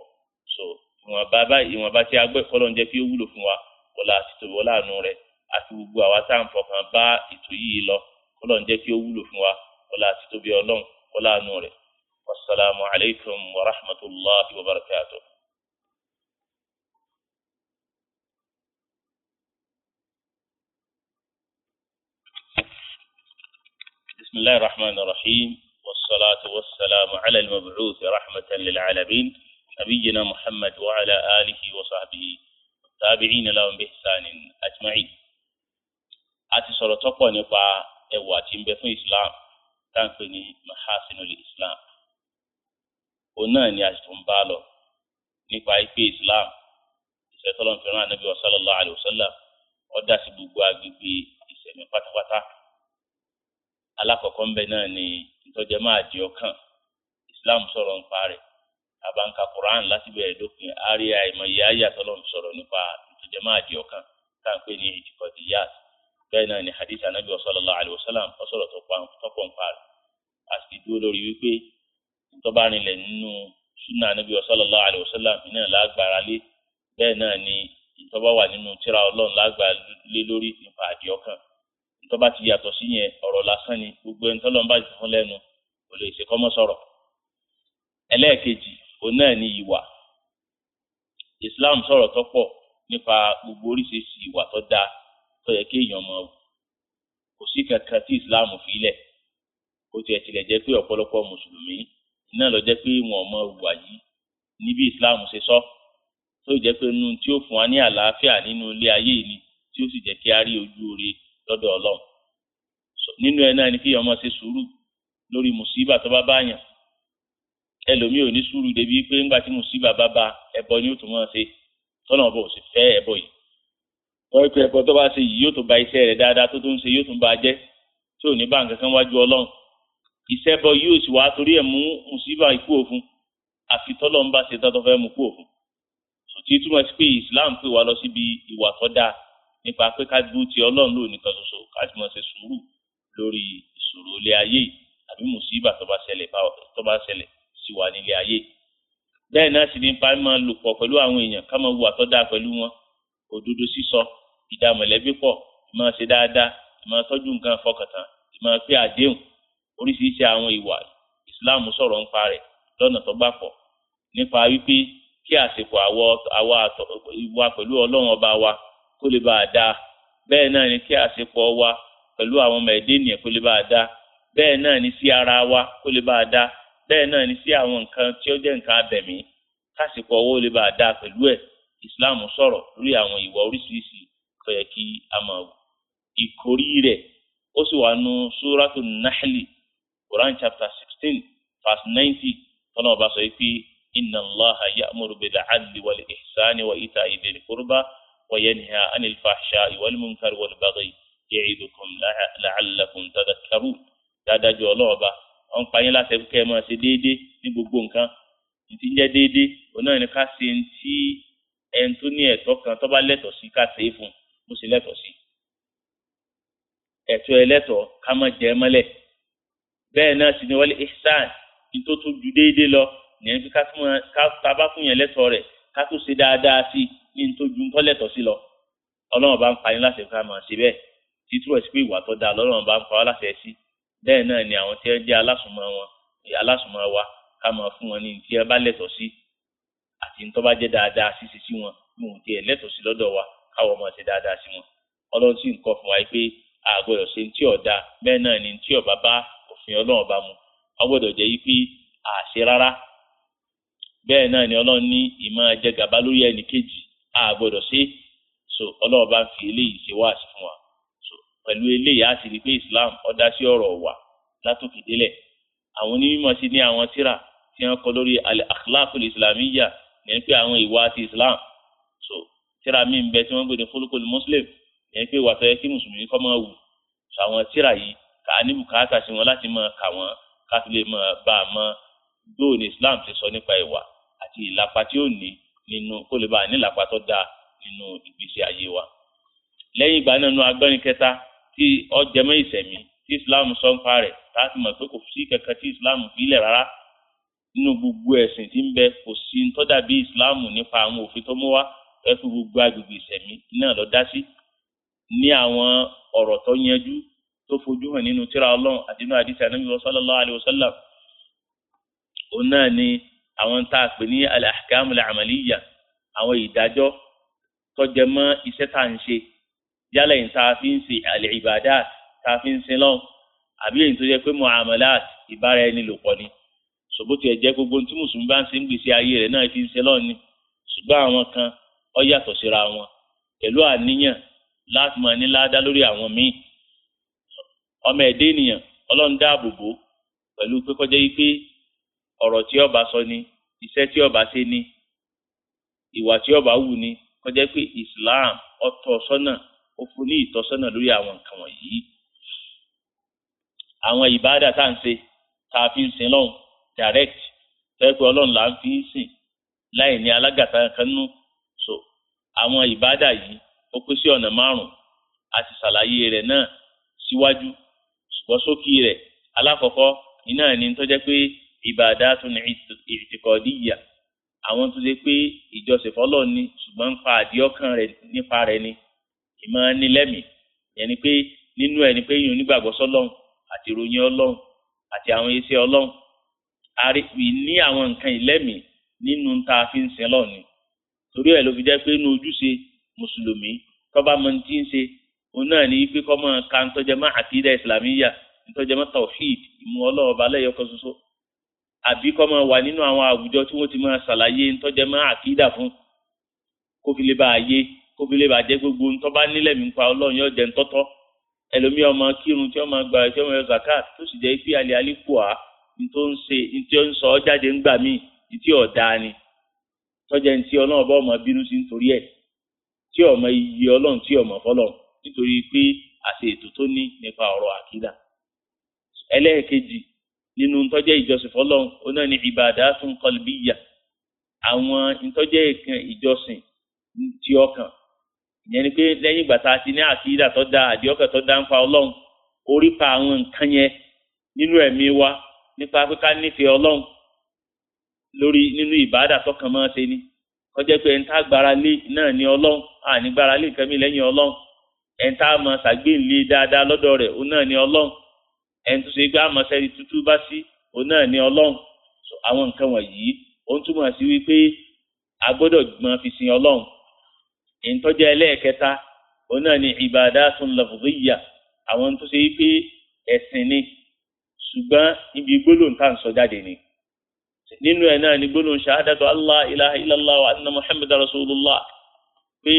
so ìwọ̀nba báyìí ìwọ̀nba tí agbẹ́ kọ́lọ́ ń jẹ́ kí ó wúlò fún wa kọ́lá àti tòwọ́ láàánú rẹ̀ àti gbogbo àwa tá à ń fọkàn bá ètò yìí lọ kọ́lọ́ kí ó wúlò fún wa kọ́lá àti tóbi ọlọ́run kọ́lá àánú rẹ̀ wasalaamualeykum wa rahmatulahi wa barakatuh. بسم الله الرحمن الرحيم والصلاة والسلام على المبعوث رحمة للعالمين نبينا محمد وعلى آله وصحبه والتابعين لهم بإحسان أجمعين àti sọ̀rọ̀ tó pọ̀ nípa ẹwà tí ń bẹ fún islam tá ń pè ní mahasinul islam òun náà ni àsìkò ń bá lọ nípa ipe islam ìṣẹ́ tọ́lọ́mùfẹ́ràn anábì sallallahu alaihi wasallam ó dá sí gbogbo agbègbè ìṣẹ̀mí pátápátá alákọ̀ọ́kọ́ ń bẹ náà ni ìtọ́jẹ́ máa di ọkàn islam sọ̀rọ̀ ń parẹ́ abanka quran láti bẹ̀rẹ̀ dópin àríyá ìmọ̀ye ayé àtọ́lọ́run sọ̀rọ̀ nípa ìtọ́jẹ́ máa di ọkàn tá à ń pè ní ìtìkọ̀dìyàt bẹ́ẹ̀ náà ni hadith anabi sallallahu alayhi wa sallam ọ̀sọ̀rọ̀ tọ́pọ̀ ń parẹ́ a sì dúró lórí wípé ìtọ́ba rinlẹ̀ nínú sunna anabi sallallahu alayhi wa sallam iná lágbára lé bẹ́ẹ̀ náà ni ìtọ́ba wà nínú tírà ọlọ́run lágbára lé lórí nípa àdìọ́kàn tó bá ti yàtọ̀ sí yẹn ọ̀rọ̀ lásán ni gbogbo ẹni tọ́lọ́ bá ti fún lẹ́nu kò lè ṣe kọ́mọ́ sọ̀rọ̀ ẹlẹ́ẹ̀kejì òun náà ni ìwà Islam sọ̀rọ̀ tó pọ̀ nípa gbogbo oríṣiríṣi ìwà tó dáa tó yẹ kéèyàn mọ̀ kò sí kankan tí Islam fi lẹ̀ kó tiẹ̀ tilẹ̀ jẹ́ pé ọ̀pọ̀lọpọ̀ mùsùlùmí iná lọ jẹ́ pé wọn mọ ìwà yìí níbi Islam ṣe sọ tó jẹ́ pé nínú tí ó fún wa ní àlàáfíà nínú ilé ayé ni tí ó sì jẹ́ kí a rí ojú rere lọ́dọ̀ ọlọ́run nínú ẹ náà ni kí ọmọ ṣe sùúrù lórí mùsíbà tó bá báyàn ẹlòmíì ò ní sùúrù débi pé ńgbà tí mùsíbà bá ba ẹbọ ni ó tún máa ṣe tọ́nà ọ̀bọ̀ ò sì fẹ́ ẹbọ yìí wọ́n pe ẹbọ tó bá ṣe yìí yóò tún ba iṣẹ́ rẹ̀ dáadáa tó tún ṣe yóò tún ba jẹ́ tí ò ní bá nǹkan wájú ọlọ́run iṣẹ́ bọ yóò sì wá torí ẹ̀ mú mùsíbà ikú òfun àfi tọ́lọ́ ṣe tán fẹ́ mú kú òfun sòtì túmọ̀ sí pé Islam pè wá lọ síbi ìwà tó dáa nípa pé ká dúró ti ọlọ́run lò nìkan ṣoṣo ká sì máa ṣe sùúrù lórí ìṣòro ilé ayé àbí mùsíbà tó bá ṣẹlẹ̀ sí wa nílé ayé bẹ́ẹ̀ náà sì ni pa máa lò pọ̀ pẹ̀lú àwọn èèyàn ká máa wùwà tó dáa pẹ̀lú wọn òdodo sísọ ìdá mọ̀lẹ́bí pọ̀ máa ṣe dáadáa máa tọ́jú nǹkan fọkàntán máa pé àdéhùn oríṣiríṣi àwọn ìwà Islam sọ̀rọ̀ nípa rẹ̀ lọ́nà tó gbàpọ̀ nípa wípé kí àsìkò àwọ àwa ìwà pẹ̀lú Ọlọ́run ọba wa kó lè bá a dáa bẹ́ẹ̀ náà ni kí àṣepọ̀ wa pẹ̀lú àwọn ọmọ ẹ̀dẹ́ ènìyàn kó lè bá a ni sí ara wa kó lè bá a bẹ́ẹ̀ náà ni sí àwọn nǹkan tí ó jẹ́ nǹkan abẹ̀mí kásìpọ̀ owó lè bá a pẹ̀lú ẹ̀ Islam sọ̀rọ̀ lórí àwọn ìwà oríṣiríṣi tó yẹ kí a ìkórí rẹ̀ ó Suratu Nahli Quran chapter sixteen verse وينهى عن الفحشاء والمنكر والبغي يعظكم لعلكم تذكرون dáadájú ọlọ́ọ̀ba ọ̀n pa yín láti kẹ́ ẹ máa ṣe déédéé ní gbogbo nǹkan ìtí ń jẹ́ déédéé òun náà ní ká ṣe ń tí ẹni tó ní ẹ̀tọ́ kan tó bá lẹ́tọ̀ọ́ sí ká ṣe é fún un bó ṣe lẹ́tọ̀ọ́ sí. ẹ̀tọ́ ẹlẹ́tọ̀ọ́ ká má jẹ ẹ́ mọ́lẹ̀ bẹ́ẹ̀ náà sì ni wọlé ihsan ní tó tún ju déédéé lọ ní ẹni ká tá a bá fún yẹn lẹ́tọ̀ọ́ rẹ̀ ká tó ṣe dáadáa sí i ní n tó ju ń tọ́lẹ̀tọ̀ sí lọ ọlọ́run bá ń pa yín láṣẹ fún àmọ́ ṣe bẹ́ẹ̀ títúrọ̀ sí pé ìwà tó dáa lọ́lọ́run bá ń pa wá láṣẹ sí bẹ́ẹ̀ náà ni àwọn tí wọ́n jẹ́ alásùnmọ́ wọn alásùnmọ́ wa ká máa fún wọn ní tí wọ́n bá lẹ́tọ̀ọ́ sí àti ní tó bá jẹ́ dáadáa sí sí sí wọn ní òun tiẹ̀ lẹ́tọ̀ọ́ sí lọ́dọ̀ wa káwọn máa ṣe dáadáa sí wọn ọlọ́run sì ń kọ́ fún wa pé àgbọ̀dọ̀ ṣe tí ò dáa bẹ́ẹ̀ náà ni tí pé àṣe ni ọlọ́run ní ìmọ̀ jẹgàba lórí ẹnì kejì a gbọ́dọ̀ ṣe so ọlọ́run bá ń fi eléyìí ṣe wáàsí fún wa so pẹ̀lú eléyìí a sì rí pé islam ọ̀dá sí ọ̀rọ̀ wà látòkè délẹ̀ àwọn onímọ̀ sí ní àwọn tíra tí wọ́n kọ lórí al-akhlaqul islamiyya ní pé àwọn ìwà ti islam so tíra mi ń bẹ tí wọ́n gbé ní fúlùkùn muslim ní pé wàtọ́ yẹ kí mùsùlùmí kọ́ máa wù so àwọn tíra yìí kà á ní bùkátà sí wọn láti máa kà wọ́n ká fi lè máa bá a mọ gbóòní islam ti sọ nípa ìwà àti ìlàpá tí ó ní nínú kó lè bá nílàpá tó dáa nínú ìgbésí ayé wa. lẹ́yìn ìgbà náà nu agbẹ́rin kẹta tí ọjẹ́mọ́ ìsẹ̀mí tí islam sọ ń pa rẹ̀ tá a ti mọ̀ pé kò sí kankan tí islam fi lẹ̀ rárá nínú gbogbo ẹ̀sìn tí ń bẹ kò sí ń tọ́jà bí islam nípa àwọn òfin tó mú wá ẹ̀fù gbogbo agbègbè ìsẹ̀mí náà lọ dá sí ní àwọn ọ̀rọ̀ tó yanjú tó fojú hàn nínú tírà ọlọ́run àti nínú àdìsí ànábì àwọn tá a pè ní al-ahkamu al-amaliya àwọn ìdájọ́ tó jẹ mọ́ iṣẹ́ tá à ń ṣe yálà yìí tá a fi ń ṣe al-ibadat tá a fi ń sin lọ́hùn àbí èyí tó yẹ pé muamalat ìbára ẹni lò pọ̀ ni ṣòbótì ẹ̀jẹ̀ gbogbo tí mùsùlùmí bá ń ṣe ń gbèsè ayé rẹ̀ náà fi ń ṣe lọ́hùn ni ṣùgbọ́n àwọn kan ó yàtọ̀ síra wọn pẹ̀lú àníyàn láti máa ní ládá lórí àwọn míì ọmọ ẹ̀dẹ́ ènìyàn ọlọ́run dáàbò pẹ̀lú pé yìí pé ọ̀rọ̀ tí ọba sọ ni iṣẹ́ tí ọba ṣe ni ìwà tí ọba wù ni kọjá pé Islam ọtọ sọ́nà ó fún ní ìtọ́sọ́nà lórí àwọn nǹkan wọ̀nyí àwọn ìbáàdà tá à ń ṣe tá a fi ń sin lọ́hùn direct fẹ́ pé ọlọ́run là ń fi ń sìn láì ní alágàtà kan nú so àwọn ìbáàdà yìí ó pín sí ọ̀nà márùn-ún a ti ṣàlàyé rẹ̀ náà síwájú ṣùgbọ́n ṣókí rẹ̀ alákọ̀ọ́kọ́ iná ní tó jẹ́ pé ibadatun i'tiqadiyya àwọn tó ṣe pé ìjọsìn fọlọ́ ni ṣùgbọ́n ń pa àdíọ́kàn rẹ̀ nípa rẹ̀ ni ìmọ̀ nílẹ̀mí yẹn ni pé nínú ẹ̀ ni pé yìnyín onígbàgbọ́ sọ́lọ́hún àti ìròyìn ọlọ́hún àti àwọn iṣẹ́ ọlọ́hún ní àwọn nǹkan ìlẹ́mí nínú tá fi ń sin lọ́ọ̀ torí ẹ̀ ló fi jẹ́ pé inú ojúṣe mùsùlùmí tọ́ba mọ ti ń ṣe òun náà ní pé mọ́ ka ń tọ́jẹ́ mọ́ àkídà ìsìlámíyà ń tọ́jẹ́ mọ́ tawhid ìmú ọlọ́ọ̀ba lẹ́yọ̀kọ́ àbí kọ́ máa wà nínú àwọn àwùjọ tí wọ́n ti máa ṣàlàyé ntọ́jẹ́ máa àkídà fún kó fi lè bá a yé kó fi lè bá a jẹ́ gbogbo ntọ́ bá nílẹ̀ mi pa ọlọ́run yóò jẹ́ ntọ́tọ́ ẹlòmíì ọmọ kírun tí wọ́n máa gba ẹ̀ tí wọ́n máa yọ zakat tó sì jẹ́ pé alẹ́ alẹ́ kù á ntọ́ ń ṣe ntọ́ ń sọ ọ́ jáde ńgbà míì ntí ọ̀dà ni tọ́jẹ́ ntí ọlọ́run bá ọmọ bínú sí nítorí ẹ̀ tí ọmọ nínú ntọ́jẹ́ ìjọsìn fọlọ́run ó náà ní ibadatun qalbiyya àwọn ntọ́jẹ́ ìkan ìjọsìn ti ọkàn ìyẹn ni pé lẹ́yìn ìgbà tá a ti ní àkídà tó da tó ń ọlọ́run orí àwọn nǹkan yẹn nínú ẹ̀mí wa nípa pé ká nífẹ̀ẹ́ ọlọ́run lórí nínú ìbáàdà tọkàn máa ṣe ni pé ẹni tá ní ọlọ́run àní gbára lé nǹkan ẹni tó ṣe pé àmọ́sẹ́ni tútú bá sí òun náà ní ọlọ́run àwọn nǹkan wọ̀nyí ó ń túmọ̀ sí wípé a gbọ́dọ̀ máa fi sin ọlọ́run ìtọ́jú ẹlẹ́ẹ̀kẹta òun náà ní ibadatun lafdhiyya àwọn tó ṣe wípé ẹ̀sìn ni ṣùgbọ́n ibi gbólóhùn tá à ń sọ jáde ni nínú ẹ̀ náà ni gbólóhùn ṣahadatu allah ilaha illallah wa anna muhammadu rasulullah pé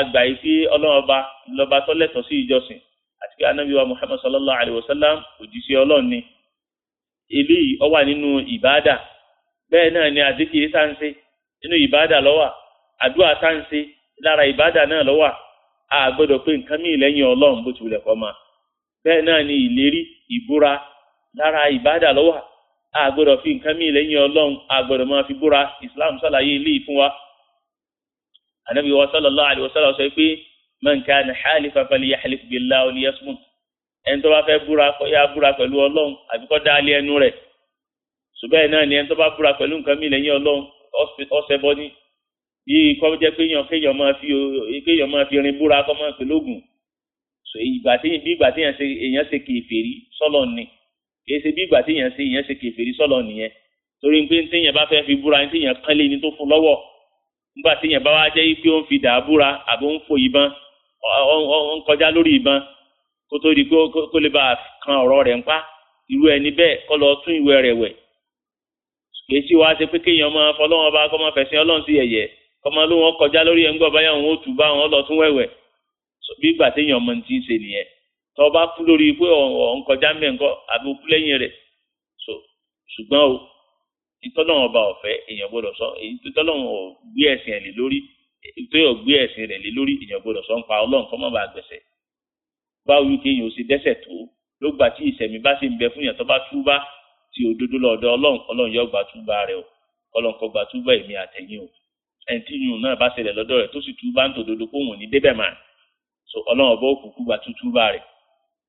àgbà yìí pé ọlọ́run ọba lọ́ba tó sí ìjọsìn àti pé anabi wa muhammad sallallahu alayhi wa sallam òjíṣẹ́ ọlọ́run ni eléyìí ó wà nínú ìbáàdà bẹ́ẹ̀ náà ni àdékìrì tá nínú ìbáàdà lọ́wà àdúrà tá lára ìbáàdà náà lọ́wà a pé nǹkan míì lẹ́yìn ọlọ́run bó ti wulẹ̀ kọ́ ma bẹ́ẹ̀ náà ni ìlérí ìbúra lára ìbáàdà lọ́wà a fi nǹkan lẹ́yìn ọlọ́run máa fi búra islam ṣàlàyé eléyìí fún wa anabi wa sallallahu sọ pé man kana halifa falyahlif billahi aw liyasmut ẹni tó bá fẹ́ búra yá búra pẹ̀lú ọlọ́run àbí kó dá alẹ́ ẹnu rẹ̀ ṣùgbọ́n náà ni ẹni tó bá búra pẹ̀lú nǹkan mi lẹ́yìn ọlọ́run ọ̀sẹ̀ bọ́ ní yìí kọ́ jẹ́ pé èèyàn kéèyàn máa fi kéèyàn máa fi rin búra kọ́ máa pè lóògùn ìgbà tí bí ìgbà tí èèyàn ṣe kèfèrí sọ́lọ̀ ni kì í ṣe bí ìgbà tí èèyàn ṣe èèyàn ṣe kèfèrí sọ́lọ̀ nìyẹn torí pé ní téèyàn bá fẹ́ fi búra ní téèyàn kán lé ní tó fún lọ́wọ́ nígbà téèyàn bá wá jẹ́ pé ó ń fi dàá búra àbí ó ń fò ìbọn ń kọjá lórí ìbọn kó tó di kó lè bá kan ọ̀rọ̀ rẹ̀ ń pa irú ẹni bẹ́ẹ̀ kó lọ tún ìwé rẹ̀ wẹ̀ kì í sì wá ṣe pé kéèyàn máa fọlọ́wọ́n bá kọ́ máa fẹ̀sìn ọlọ́run sí ẹ̀yẹ kọ́ máa ló wọn kọjá lórí ẹ̀ńgbọ́ báyà wọn ó tù bá wọn lọ tún wẹ̀wẹ̀ bí ìgbà téèyàn mọ̀ ní ti ṣe nìyẹn tọ́ bá kú lórí pé ọ̀n kọjá mẹ́ńkọ́ àbí ó kú lẹ́yìn rẹ̀ ṣùgbọ́n o ìtọ́lọ́wọ́n ọba ọ̀fẹ́ èèyàn tó yọ gbé ẹ̀sìn rẹ̀ lé lórí èèyàn gbọdọ̀ sọ ń pa ọlọ́run kọ́ mọ́ bá gbẹ̀sẹ̀ báwo wí kéèyàn ó ṣe dẹ́sẹ̀ tó ló gbà tí ìṣẹ̀mí bá ṣe ń bẹ fún yàn tó bá túbá tí òdodo lọ́dọ̀ ọlọ́run ọlọ́run yóò gbà túbá rẹ̀ o ọlọ́run kó gbà túbá èmi àtẹ̀yìn o ẹni tí yìnyín náà bá ṣẹlẹ̀ lọ́dọ̀ rẹ̀ tó sì túbá ń tòdodo kó wọn ní débẹ̀ mà so ọlọ́run ọba òkùnkùn gbà túbá rẹ̀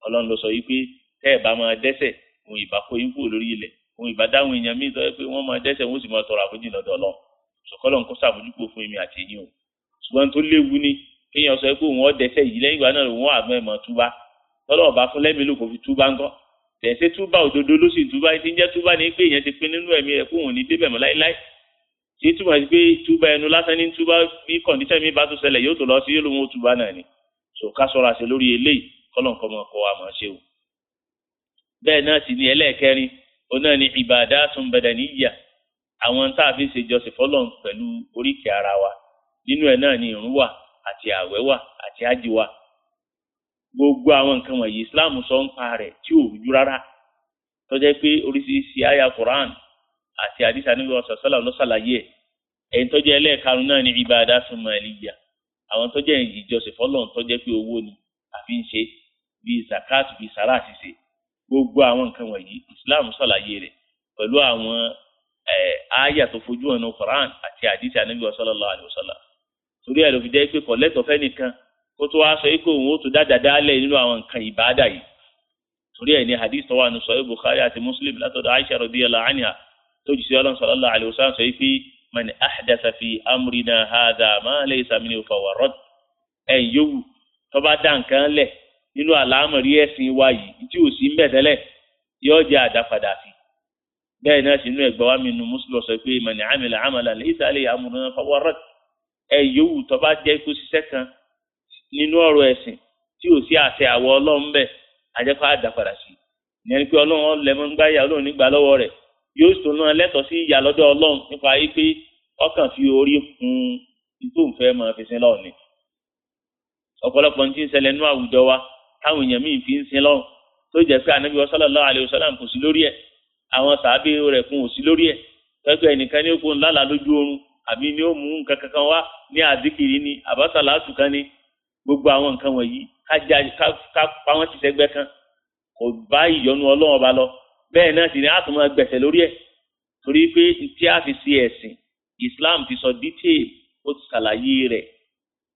ọlọ́run lọ sọ yìí pé tẹ́ ẹ̀ bá máa dẹ́sẹ̀ òun ìbá kó yín kúrò lórí ilẹ̀ òun ìbá dáhùn èèyàn míì tọ́ pé wọ́n máa dẹ́sẹ̀ wọ́n sì máa tọrọ àforíjì lọ́dọ̀ ọlọ́run so kọ́lọ́run kó ṣàmójúkò fún èmi àtẹ̀yìn o ṣùgbọ́n tó léwu ni kéèyàn sọ pé òun ọ̀dẹ́sẹ̀ yìí lẹ́yìn ìgbà náà òun àmọ́ ẹ̀mọ́ túbá tọ́lọ́ ọba fún lẹ́mìí ló kò fi túbá ńkọ́ tẹ̀sẹ̀ túbá òdodo ló sì túbá ti ń jẹ́ túbá ni pé èèyàn ti pin nínú ẹ̀mí rẹ̀ kó òun ní débẹ̀ mọ́ láíláí tí túbọ̀ sí pé túbá ẹnu lásán ní túbá bí kọ̀ǹdíṣẹ́ mi bá tó ṣẹlẹ̀ yóò tó lọ sí yóò lóun ó túbá náà ni so ká sọ̀rọ̀ àṣẹ lórí eléyìí kọ́lọ̀ǹkọ́ mọ̀ kọ́ àmọ́ ṣe o. bẹ́ẹ̀ náà sì ni ẹlẹ́ẹ̀kẹrin òun a fi ń ṣèjọsìn fọ́lọ́n pẹ̀lú oríkèé ara nínú ẹ̀ náà ni ìrun wà àti ààwẹ̀ wà àti ájì wà gbogbo àwọn nǹkan wọ̀nyí islam sọ ń pa rẹ̀ tí ò rújú rárá tó pé oríṣiríṣi àyà quran àti àdìsá níbi ọ̀sán sọ́là ló ṣàlàyé ẹ̀ ẹ̀yìn tó jẹ́ ẹlẹ́ẹ̀karùn náà ní ibada sumaliyya àwọn tó jẹ́ ìjọsìn fọ́lọ́run tó pé owó ni àfi ń ṣe bíi zakat bíi sàrà ṣíṣe gbogbo àwọn nǹkan wọ̀nyí islam ṣàlàyé rẹ̀ pẹ̀lú àwọn àyà tó fojú ọ̀nà quran àti àdìsá níbi ọ̀sán sọ́là torí ẹ̀ ló fi jẹ́ pé kọ̀lẹ́tọ̀ fẹ́ nìkan kó tó wá sọ pé òun ó tún dáadáa dálẹ̀ nínú àwọn nǹkan ìbáadà yìí torí ẹ̀ ní hadith tó wà ní sọ́yìn Bukhari àti Muslim látọ̀dọ̀ Aisha radiyallahu anha tó jù sí ọlọ́run sallallahu alaihi wasallam sọ pé man ahdatha fi amrina hadha ma laysa minhu fahuwa radd ẹ̀ yòówù tó bá dá nǹkan lẹ̀ nínú àlámọ̀rí ẹ̀sìn wa yìí tí ò sí ń bẹ̀ yóò jẹ́ àdápadà sí bẹ́ẹ̀ náà sì nínú wa mi nu Muslim sọ pé man amila amalan laysa alayhi amruna fahuwa radd ẹ yòówù tó bá jẹ́ kó ṣiṣẹ́ kan nínú ọ̀rọ̀ ẹ̀sìn tí ò sí àṣẹ àwọ̀ ọlọ́run bẹ̀ àjẹkọ́ àdàpadà sí ìyẹn ni pé ọlọ́run lẹ́mọ́ ń gbáyà ọlọ́run nígbà lọ́wọ́ rẹ̀ yóò sọ náà lẹ́tọ̀ọ́ sí ìyà lọ́dọ̀ ọlọ́run nípa ayé pé ọkàn fi orí kun nítorí òun fẹ́ máa fi sin lọ́ọ̀ ni ọ̀pọ̀lọpọ̀ ti ń ṣẹlẹ̀ nú àwùjọ wa táwọn èèyàn míì fi ń sin lọ́ọ̀ tó jẹ́ pé ànábì sallallahu alaihi wasallam kò sí lórí ẹ̀ àwọn sàábé rẹ̀ fún òsí lórí ẹ̀ pẹ́pẹ́ ẹnìkan ní àbí ni ó mú nǹkan kankan wá ní àdìkìrì ni àbásàlátù kan ni gbogbo àwọn nǹkan wọ̀nyí kájà ká pa wọ́n ti sẹ́gbẹ́ kan kò bá ìyọnu ọlọ́run ọba lọ bẹ́ẹ̀ náà sì ni a tún máa gbẹ̀sẹ̀ lórí ẹ̀ torí pé tí a fi ṣe ẹ̀sìn Islam ti sọ detail ó ti ṣàlàyé rẹ̀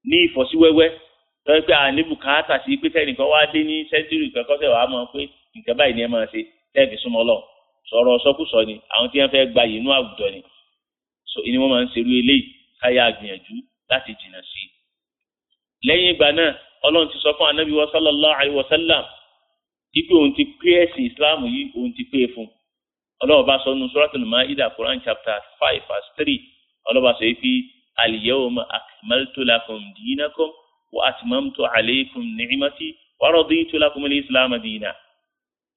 ní ìfọ́síwẹ́wẹ́ lọ́wọ́ pé àní bùkátà sí pé tẹ́nìkan wá dé ní sẹ́ńtúrì kan wàá mọ̀ pé nǹkan báyìí ni ẹ máa ṣe tẹ́ẹ̀fì súnmọ́ lọ sọ̀rọ̀ sọkúsọ ni àwọn tí wọ́n fẹ́ gba yìí àwùjọ ni so ìní wọn máa ń ṣerú eléyìí káyà gbìyànjú láti jìnnà sí i. lẹ́yìn ìgbà náà ọlọ́run ti sọ fún anábì wa sallallahu alayhi wa sallam ipe òun ti pé ẹ̀sìn islam yìí òun ti pé e fún ọlọ́run bá sọ nínú suratul maida quran chapter five verse three ọlọ́run bá sọ yìí fi al yawma akmaltu lakum dinakum wa atmamtu alaykum ni'mati wa raditu lakum al-islam dina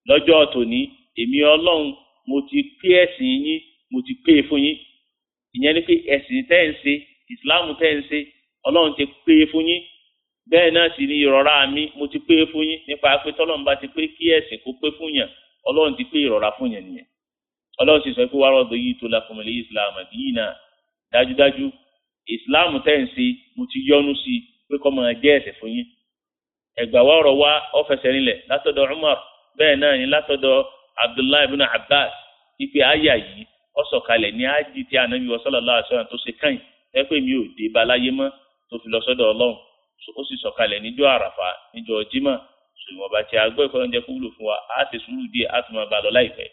lọ́jọ́ tòní èmi ọlọ́run mo ti pé ẹ̀sìn yín mo ti pé e fún yín ìyẹn ní pé ẹ̀sìn tẹ́ ń ṣe ìsìláàmù tẹ́ ń ṣe ọlọ́run ti pé e fún yín bẹ́ẹ̀ náà sì ni ìrọ̀rá mi mo ti pé e fún yín nípa pé tọ́lọ́run bá ti pé kí ẹ̀sìn kó pé fún yàn ọlọ́run ti pé ìrọ̀rá fún yàn nìyẹn ọlọ́run islam náà dájúdájú tẹ́ ń ṣe mo ti sí wa ọ̀rọ̀ wa fẹsẹ̀ látọ̀dọ̀ Umar bẹ́ẹ̀ náà ni látọ̀dọ̀ Abdullahi ibn Abbas ipe àyà ọsọ̀kalẹ̀ ní ájì tí ànábi sallallahu alaihi wasallam tó ṣe káyìn ẹ pé mi ò dé balayé mọ́ tó fi lọ sọ́dọ̀ ọlọ́run ó sì sọ̀kalẹ̀ níjọ́ àràfà níjọ́ jímọ̀ ṣùgbọ́n bàtí àgbọ̀ ìkọlọ́njẹ kúlò fún wa á ti sùúrù díẹ̀ á tún máa bá lọ láìpẹ́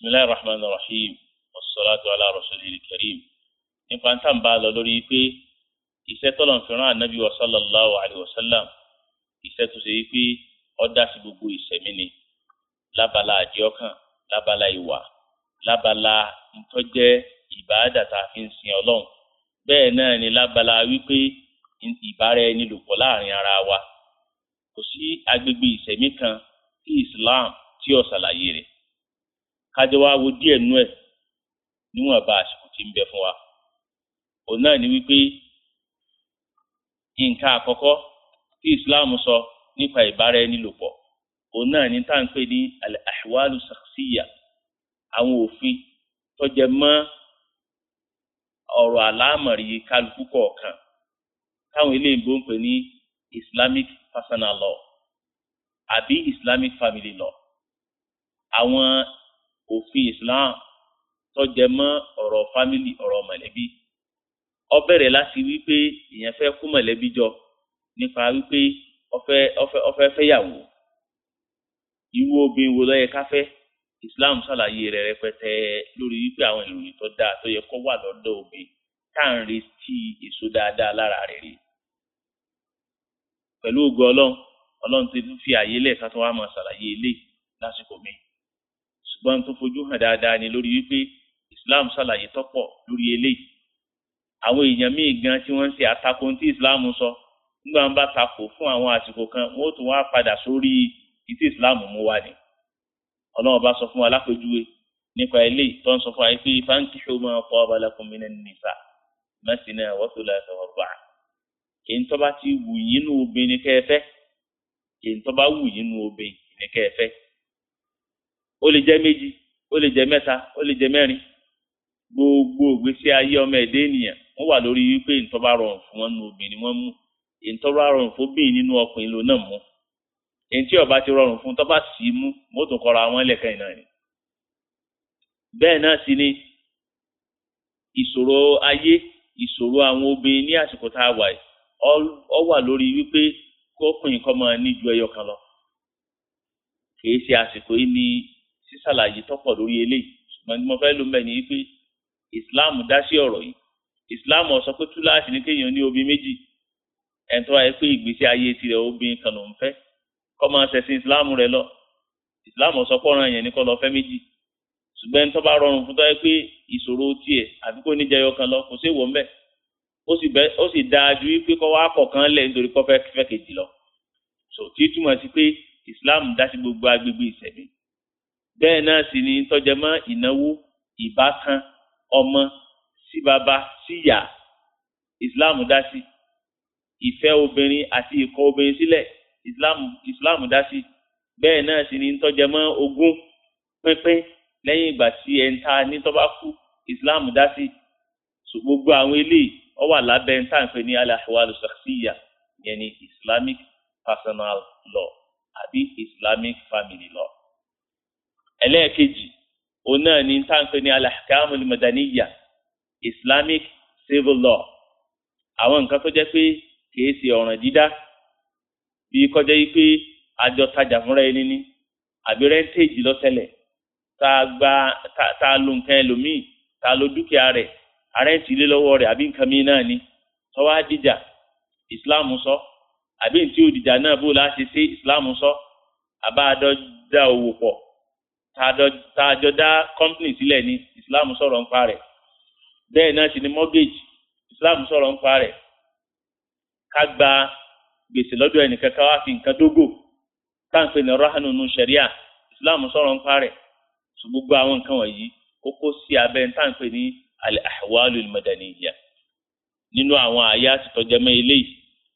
بسم الله الرحمن الرحيم والصلاة على رسوله الكريم nípa tá à ń bá a lọ lórí pé iṣẹ́ tọ́lọ̀ ń fẹ́ràn ànábì wa sallallahu alayhi wa sallam iṣẹ́ tó ṣe wípé ó dá sí gbogbo ìṣẹ̀mí ni lábala àjọkàn lábala ìwà lábala ntọ́jẹ́ ìbáàdà tá a fi ń sin ọlọ́run bẹ́ẹ̀ náà ni lábala wípé ìbára ẹni lòpọ̀ láàrin ara wa kò sí agbègbè ìṣẹ̀mí kan tí Islam tí ó ṣàlàyé rẹ̀ kájọ wá wo díẹ̀ nú ẹ̀ níwọ̀n bá àsìkò tí ń bẹ fún wa òun náà ni wípé nǹkan àkọ́kọ́ tí Islam sọ nípa ìbára ẹni lò òun náà ni tá à ń pè ní al-ahwalu shakhsiyya àwọn òfin tó jẹ mọ́ ọ̀rọ̀ àlámọ̀rí kálukú kọ̀ọ̀kan táwọn eléyìnbó ń pè ní Islamic personal law àbí Islamic family law àwọn òfin Islam tó jẹ mọ́ ọ̀rọ̀ fámìlì ọ̀rọ̀ mọ̀lẹ́bí ó bẹ̀rẹ̀ láti wípé èèyàn fẹ́ kó mọ̀lẹ́bí jọ nípa wípé ọfẹ́ ọfẹ́ ọfẹ́ fẹ́yàwó irú obìnrin wo ló yẹ ká fẹ́ Islam ṣàlàyé rẹ̀ rẹpẹtẹ lórí wípé àwọn ìròyìn tó dáa tó yẹ kó wà lọ́dọ̀ obìnrin tá à ń retí èso dáadáa lára rẹ̀ rèé pẹ̀lú ògo ọlọ́run ọlọ́run ti fi àyè lẹ̀ ká tó wá máa ṣàlàyé ilé lásìkò mi ṣùgbọ́n tó fojú hàn dáadáa ni lórí wípé islam ṣàlàyé tọ́pọ̀ lórí eléyìí àwọn èèyàn míì gan tí wọ́n ń ṣe àtakò tí islam sọ nígbà wọn bá takò fún àwọn àsìkò kan wọn ó tún wá padà sórí ìtí islam mú wa ni ọlọ́run bá sọ fún wa nípa eléyìí tó ń sọ fún wa pé ti wù yín nù obìnrin kẹfẹ́ wù yín nù obìnrin o lè je méjì ó lè je meta ó lè je merin. gbogbo ìgbésí ayé ọmọ ẹ̀dá ènìyàn wọ́n wà lórí wípé ìtọ́ba rọrùn fún wọn nu obìnrin wọn mú ìtọ́ba rọrùn fún bíi nínú ọkùnrin ló náà mú èyí tí ọba ti rọrùn fún tọ́ba sì mú mo kọra wọn lẹ́ẹ̀kan ìnáà ni bẹ́ẹ̀ ni ìṣòro ayé ìṣòro àwọn obìnrin ní àsìkò tá a wà yìí ọ wà lórí wípé kọkùnrin kọ́ máa kan lọ kì í ṣe àsìkò ni sísàlàyé tọ́pọ̀ lórí eléyìí ṣùgbọ́n tí mo fẹ́ ló mẹ́ni wípé islam dá sí ọ̀rọ̀ yìí islam sọ pé túláàsì ní kéèyàn ní obìnrin méjì ẹni tó wáyé pé ìgbésí ayé tirẹ̀ obìnrin kan ló ń fẹ́ kọ́ máa ṣẹ̀sìn islam rẹ lọ islam sọ pé ọ̀ràn yẹn ni kọ́ lọ fẹ́ méjì ṣùgbọ́n ẹni tó bá rọrùn fún tó wáyé pé ìṣòro tiẹ̀ àbí kò ní jẹyọ kan lọ kò sí ìwọ mbẹ́ ó sì dáa ju wípé kọ́ wá kọ̀ọ̀kan lẹ̀ nítorí kọ́ fẹ́ kejì lọ so tí túmọ̀ sí pé islam dá sí gbogbo agbègbè ìṣẹ̀mí bẹ́ẹ̀ náà sì ni tọ́jẹmọ́ ìnáwó ìbátan ọmọ sí baba sí ìyá islam dá sí ìfẹ́ obìnrin àti ìkọ̀ obìnrin sílẹ̀ islam islam dá sí bẹ́ẹ̀ náà sì ni tọ́jẹmọ́ ogún pínpín lẹ́yìn ìgbà tí ẹ̀ ń ta ní tó bá kú islam dá sí gbogbo àwọn eléyìí ó wà lábẹ́ ń tàǹpẹ́ ní al yẹn ni islamic personal law àbí islamic family law ẹlẹ́ẹ̀kejì òun náà ní táǹpé ní alahkamu madaniya islamic civil law àwọn nǹkan tó jẹ́ pé kìí ṣe ọ̀ràn dídá bí kọjá yìí pé àjọ tajà fúnra ẹni ní àbí rẹ́ńtéèjì lọ́tẹ̀lẹ̀ tá a gba tá a lo nǹkan ẹlòmíì tá a lo dúkìá rẹ̀ àrẹ́ǹtì ilé lọ́wọ́ rẹ̀ àbí nǹkan míì náà ni sọ́wọ́ àdìjà islam sọ àbí ntí òdìjà náà bó láti ṣe islam sọ àbá àdọ́jà òwò pọ̀ tààjọ dá company sílẹ̀ ni islam sọ̀rọ̀ ń pa rẹ̀ bẹ́ẹ̀ náà sì ni mortgage islam sọ̀rọ̀ ń pa rẹ̀ ká gba gbèsè lọ́dọ̀ ẹnìkan ká wá fi nǹkan dógò táǹpé ní rahanu nu sharia islam sọ̀rọ̀ ń pa rẹ̀ sọ gbogbo àwọn nǹkan wọ̀nyí ó kó sí abẹ́ táǹpé ní al-ahwalul madaniyya nínú àwọn àyà àtìtọ́jẹ́mẹ́ eléyìí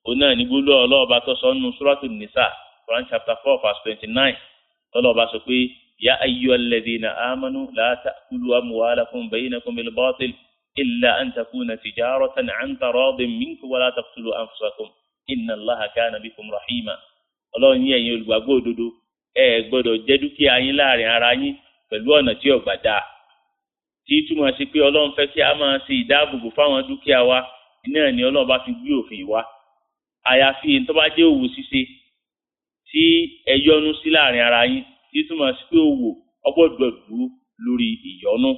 òun náà ní gbólóhùn ọlọ́ọ̀bá tó sọ nínú suratu nisa Quran chapter four verse twenty nine tọ́lọ́ọ̀bá sọ pé. يا أيها الذين آمنوا لا تأكلوا أموالكم بينكم بالباطل إلا أن تكون تجارة عن تراض منكم ولا تقتلوا أنفسكم إن الله كان بكم رحيما Ọlọ́run ní ẹ̀yin olùgbàgbọ́ òdodo ẹ gbọ́dọ̀ jẹ dúkìá yín láàrin ara yín pẹ̀lú ọ̀nà tí ọgbà dáa tí túmọ̀ sí pé Ọlọ́run fẹ́ kí a máa ṣe ìdáàbòbò fáwọn dúkìá wa náà ni Ọlọ́run bá fi gbé òfin wá àyàfi tó òwò ṣíṣe tí ẹ yọnu sí láàrin ara yín ìtumọ̀ sí pé owó ọgbọ́dọ̀ dúró lórí ìyọnu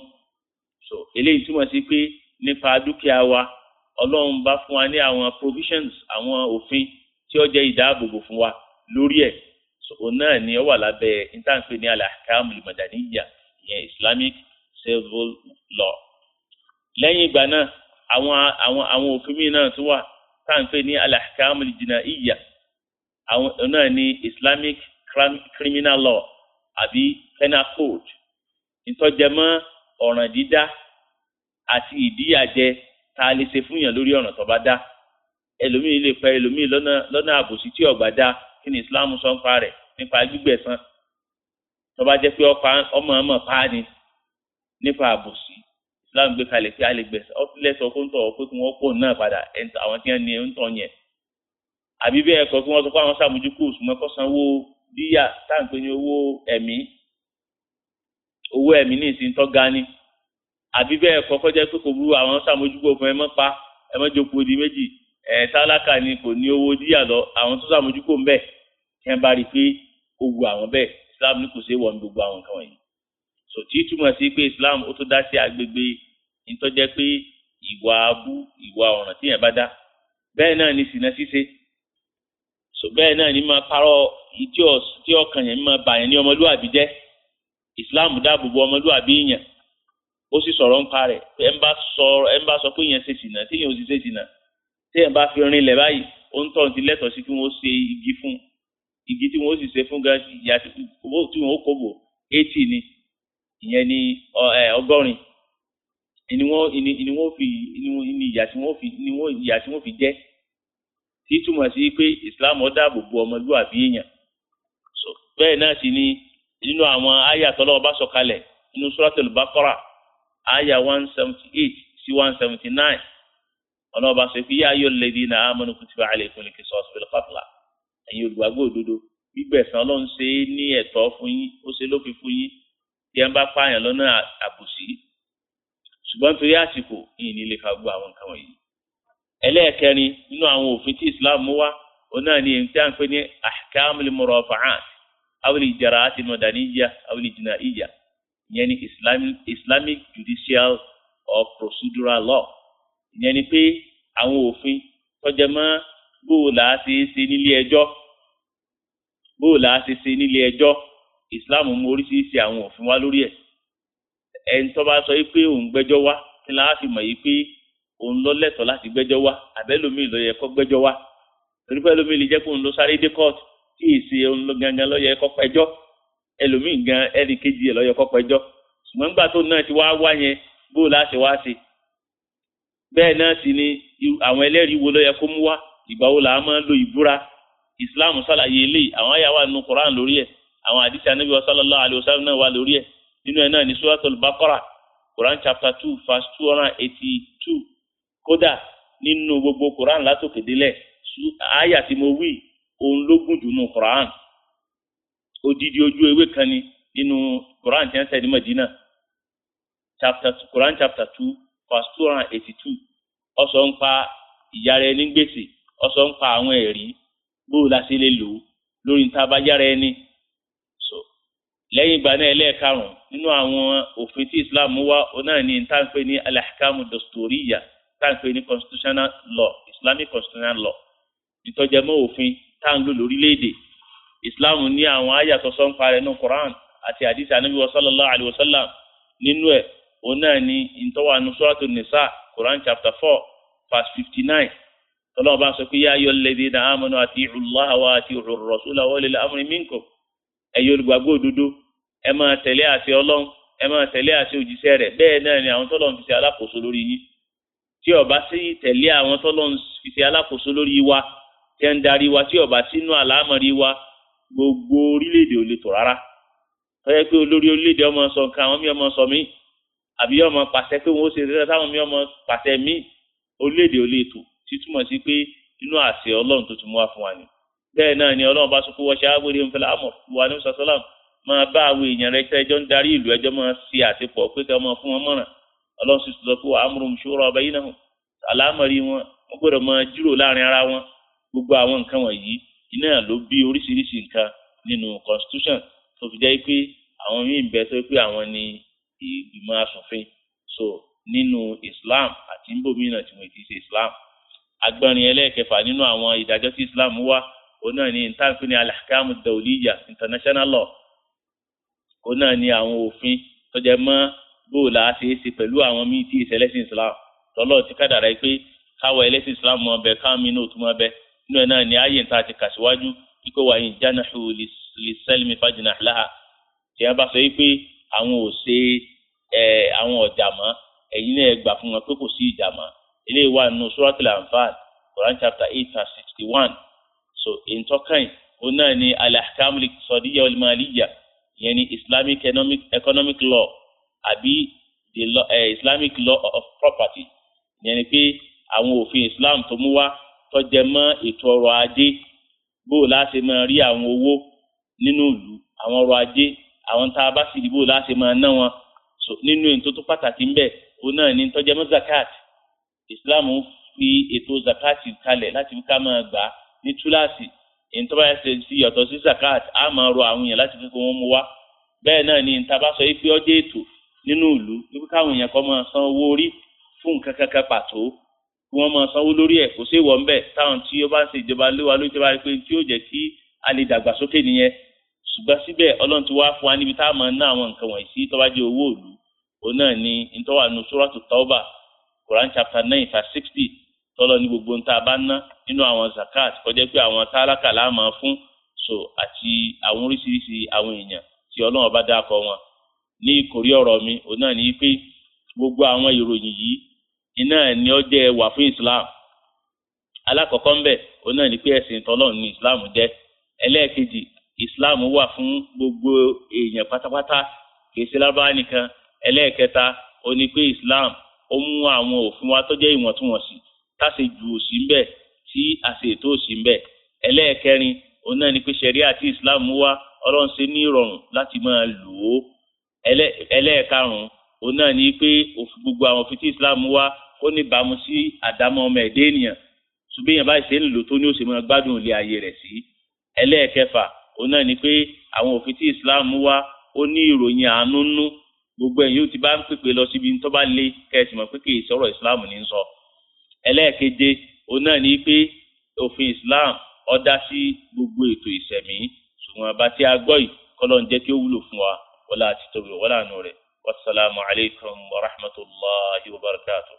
so eléyìí túmọ̀ sí pé nípa dúkìá wa ọlọ́run bá fún wa ní àwọn provisions àwọn òfin tí ó jẹ́ ìdáàbòbò fún wa lórí ẹ̀ so náà ni ó wà lábẹ́ intanpe ní alahakam limadaniya ìyẹn Islamic civil law lẹ́yìn ìgbà náà àwọn àwọn àwọn òfin míì náà tún wà táǹpé ní alahakam lijinaiya àwọn náà ni Islamic criminal law àbí penal code ìtọ́jẹmọ́ ọ̀ràn dídá àti ìdíyàjẹ tá a lè ṣe fún yàn lórí ọ̀ràn tó bá dá ẹlòmíì lè pa ẹlòmíì lọ́nà lọ́nà àbòsí tí ọ̀gbà dá kí ni Islam sọ ń pa rẹ̀ nípa gbígbẹ̀san tó bá jẹ́ pé ọmọ ọmọ pa ni nípa àbòsí Islam gbé kalẹ̀ pé a lè gbẹ̀san ó ti lẹ́sọ̀ kó ń tọ̀ pé kí wọ́n pò náà padà àwọn tí wọ́n ní ń tọ̀ yẹn àbí bẹ́ẹ̀ kọ́ kí wọ́n sọ pé àwọn sàmójúkú òṣùmọ́ kọ́ sanwó díyà táǹpé ní owó ẹ̀mí owó ẹ̀mí ní ìsìn tó ga ni àbí bẹ́ẹ̀ kọ́kọ́ jẹ́ pé kò burú àwọn sàmójúkú òfin ẹ mọ́ pa ẹ mọ́ jókòó di méjì ẹ̀ tálákà ni kò ní owó díyà lọ àwọn tó sàmójúkú ń bẹ̀ kí wọ́n bá rí i pé ó wu àwọn bẹ́ẹ̀ Islam ní kò ṣe wọ̀ ní gbogbo àwọn nǹkan wọ̀nyí so tí túmọ̀ sí pé Islam ó tó dá sí agbègbè nítọ́jẹ́ pé ìwà abú ìwà ọ̀ràn tíyẹn bá dá bẹ́ẹ̀ náà ni sìnà ṣíṣe so bẹ́ẹ̀ náà ni máa parọ́ yìí tí ọ tí ọkàn yẹn máa bà yẹn ní ọmọlúwàbí jẹ́ islam dáàbò bo ọmọlúwàbí yẹn ó sì sọ̀rọ̀ ńpa rẹ̀ ẹ̀ ń bá sọ ẹ̀ ń bá sọ pé yẹn ṣe ṣìnà tí yẹn ò sì ṣe ṣìnà tí yẹn bá fi rin lẹ̀ báyìí ó ń tọ̀hún ti lẹ́tọ̀ọ́ sí kí wọ́n ṣe igi fún igi tí wọ́n sì ṣe fún gan yàtí owó tí wọ́n kó bò eighty ni ìyẹn ni ọgọ́rin ni wọ́n ni wọ́n fi ni ìyà tí wọ́n fi ni wọ́n ìyà tí wọ́n fi jẹ́ tí túmọ̀ sí pé islam ó dáàbò ọmọlúwàbí yẹn bẹ́ẹ̀ náà sì ni nínú àwọn àyà tọ́lọ́wọ́ bá sọ̀kalẹ̀ nínú suratul Baqara àyà one seventy eight sí one seventy nine ọlọ́wọ́ bá sọ pé yá ayọ̀ alladhina amanu kutiba alaykumul qisasu fil qatla ẹ̀yin olùgbàgbọ́ òdodo gbígbẹ̀sán ló ń ṣe é ní ẹ̀tọ́ fún yín ó ṣe lófin fún yín tí ẹ ń bá pààyàn lọ́nà àbòsí ṣùgbọ́n torí àsìkò yìí ní ilé fagbọ́ àwọn nǹkan wọ̀nyí. ẹlẹ́ẹ̀kẹrin nínú àwọn òfin tí Islam mú wá òun náà ni èyí tí à ń pè ní awele jara ti madaniya awele jinaiya ìyẹn ni islamic islamic judicial or procedural law ìyẹn ni pé àwọn òfin tọ́jẹ́ mọ́ bóòlà ṣe é ṣe nílé ẹjọ́ bóòlà ṣe ṣe nílé ẹjọ́ islam mú oríṣiríṣi àwọn òfin wá lórí ẹ̀ ẹni tó bá sọ yìí pé òun gbẹ́jọ́ wá kí la fi mọ̀ yìí pé òun lọ lẹ́tọ̀ọ́ láti gbẹ́jọ́ wá àbẹ́lòmíì ló yẹ kó gbẹ́jọ́ wá torí pé ẹlòmíì lè jẹ́ pé òun ló sáré dé kóòtù tí èsì gangan ló yẹ kó pẹjọ́ ẹlòmíì gan ẹnì kejì ẹ̀ ló yẹ kó pẹjọ́ ṣùgbọ́n nígbà tó náà ti wá wá yẹn bó o láṣẹ wá sí bẹ́ẹ̀ náà sì ni àwọn ẹlẹ́rìí wo ló yẹ kó mú wá ìgbà wo làá máa lo ìbúra ìsìláàmù sàlàyé eléyìí àwọn àyà wà nínú koran lórí ẹ̀ àwọn àdìsí anábì wa sallallahu alayhi wa sallam náà wà lórí ẹ̀ nínú ẹ̀ náà ní suratul baqara koran chapter two verse two hundred eighty two kódà nínú gbogbo koran látòkè délẹ̀ àyà tí mo wí òun ló gùn jù nù Quran odidi ojú ewé kan ni nínú Quran tí wọ́n tẹ̀ ní Madina chapter two Quran chapter two verse two hundred eighty two ó sọ ń pa ìyára ẹni gbèsè ó sọ ń pa àwọn ẹ̀rí bó o la ṣe lè lò ó lórí níta bá yára ẹni so lẹ́yìn ìgbà náà ẹlẹ́ẹ̀karùn nínú àwọn òfin tí Islam wá náà ní níta ń pè ní alahikamu dostoriya níta ń pè ní constitutional law Islamic constitutional law ìtọ́jẹmọ́ òfin tá à ń lò lórílẹ̀‐èdè islam ní àwọn àyà tó sọ́n parẹ́ nínú quran àti hadith anabi wa sallallahu alayhi wa sallam nínú ẹ̀ òun náà ni ìtọ́wà nínú suratu nisa quran chapter four verse fifty nine tọ́lọ́wọ́ bá sọ pé yá ayọ́ lẹ́dí náà amanu ati'u Allaha wa ati'u ar-rasula wa ulil amri minkum ẹ̀yọ́ olùgbàgbọ́ òdodo ẹ máa tẹ̀lé àti ọlọ́run ẹ máa tẹ̀lé àti òjíṣẹ́ rẹ̀ bẹ́ẹ̀ náà ni àwọn tọ́lọ́run fi ṣe alákòóso lórí yín tí ó bá tẹ̀lé àwọn tọ́lọ́run fi ṣe alákòóso lórí wa tẹ́ ń darí wa tí ọba sínú àlámọ̀rí wa gbogbo orílẹ̀-èdè ò lè tò rárá tọ́jà pé olórí orílẹ̀-èdè ọmọ sọ nǹkan àwọn mi ọmọ sọ mí àbí ọmọ pàṣẹ pé wọn ó ṣe ìrẹsẹ̀ táwọn mi ọmọ pàṣẹ mí orílẹ̀-èdè ò lè tò sí túmọ̀ sí pé inú àṣẹ ọlọ́run tó ti mú wá fún wa ni bẹ́ẹ̀ náà ni ọlọ́run bá sọkú wọṣẹ agbóde ń àmọ̀ wà ní sọsọlám gbogbo àwọn nǹkan wọ̀nyí iná ló bí oríṣiríṣi nǹkan nínú constitution tó fi jẹ́ pé àwọn míì ń bẹ tó pé àwọn ni ìgbìmọ̀ asòfin so nínú Islam àti nbòmínà tí wọ́n ti ṣe Islam agbọ́nrin ẹlẹ́ẹ̀kẹfà nínú àwọn ìdájọ́ tí Islam wá òun náà ni ntaǹkì ní alahkamu dawliya international law òun náà ni àwọn òfin tó jẹ mọ́ bóòlà ṣe é ṣe pẹ̀lú àwọn míì tí ìṣẹ̀lẹ̀sìn Islam tọ́lọ́ ti kádàrá pé káwọ ẹlẹ́sìn Islam mọ́ ọbẹ̀ káwọn míì náà tún mọ́ ọbẹ̀ nínú ẹ̀ náà ni ayé ta ti kà síwájú kíkó wa yìí janahu lisẹ́lmi fajnah laha tí wọ́n bá sọ yìí pé àwọn ò ṣe àwọn ọ̀jà mọ́ ẹ̀yin náà gbà fún wọn pé kò sí ìjà mọ́ eléyìí wà nínú suratul anfal Quran chapter eight verse sixty one so ìtọ́kàn ó náà ni al-ahkamul iqtisadiyya wal maliyya ìyẹn ni Islamic economic, economic law àbí the law, uh, Islamic law of property ìyẹn ni pé àwọn òfin Islam tó mú wá tọ́jẹ mọ́ ètò ọrọ̀ ajé bó láti máa rí àwọn owó nínú ìlú àwọn ọrọ̀ ajé àwọn tá a bá sì rí bó láti máa ná wọn nínú ètò tó pàtàkì ń bẹ òun náà ní tọ́jẹ mọ́ zakat Islam fi ètò zakat kalẹ̀ láti fi ká máa gbà ní túláàsì èyí tó bá yẹ sí yàtọ̀ sí zakat á máa rọ àwọn èèyàn láti fi kó wọn mú wá bẹ́ẹ̀ náà ni níta bá sọ yìí pé ọjọ́ ètò nínú ìlú wípé káwọn èèyàn kọ́ máa san owó orí fún nǹkan kankan pàtó kí wọ́n máa sanwó lórí ẹ̀ kò sí ìwọ̀ ńbẹ̀ táwọn tí ó bá ń ṣe ìjọba léwa ló ti bá rí pé tí yóò jẹ́ kí a lè dàgbàsókè nìyẹn ṣùgbọ́n síbẹ̀ ọlọ́run ti wá fún wa níbi tá a máa ná àwọn nǹkan wọ̀nyí sí tó bá jẹ́ owó òlu òun náà ni ntọ́wà nu suratu tauba quran chapter nine verse sixty tọ́lọ́ ní gbogbo nta bá ná nínú àwọn zakat kọjá pé àwọn tálákà la máa fún so àti àwọn oríṣiríṣi àwọn èèyàn tí ọlọ́run bá dákọ̀ wọn ní ìkórí ọ̀rọ̀ mi òun náà ni pé gbogbo àwọn ìròyìn yìí iná ni ó jẹ́ ẹwà fún islam alákọ̀ọ́kọ́ ń bẹ̀ òun náà ni pé ẹ̀sìn tọ́lọ́run ni islam jẹ́ ẹlẹ́ẹ̀kejì islam wà fún gbogbo èèyàn pátápátá kìí lábára nìkan ẹlẹ́ẹ̀kẹta ó pé islam ó mú àwọn òfin wa tó jẹ́ ìwọ̀ntúnwọ̀nsì táṣe jù òsì ń bẹ̀ tí àṣe ètò òsì ń bẹ̀ ẹlẹ́ẹ̀kẹrin òun náà ni pé ṣẹ̀ríà tí islam wá ọlọ́run ṣe ní ìrọ̀rùn láti máa lò ó ẹlẹ́ẹ̀karùn-ún ni pé gbogbo àwọn òfin tí islam wá ó ní bàmú sí àdámọ́ ọmọ ẹ̀dẹ́ ènìyàn ṣùgbọ́n yẹn báyìí ṣe ń lò tó ní òṣèlú gbádùn òlé ayé rẹ̀ sí ẹlẹ́ẹ̀kẹfà òun náà ni pé àwọn òfin tí Islam wá ó ní ìròyìn àánú nú gbogbo ẹ̀yin ó ti bá ń pèpè lọ síbi tó bá lé kẹ́sì mọ̀ pé kì í sọ̀rọ̀ Islam ní sọ ẹlẹ́ẹ̀keje òun náà ni pé òfin Islam ó dá sí gbogbo ètò ìṣẹ̀mí ṣùgbọ́n bá tí a yìí kọ́lọ́ jẹ́ kí ó wúlò fún wa wọlá àti tóbi wọlá àánú rẹ̀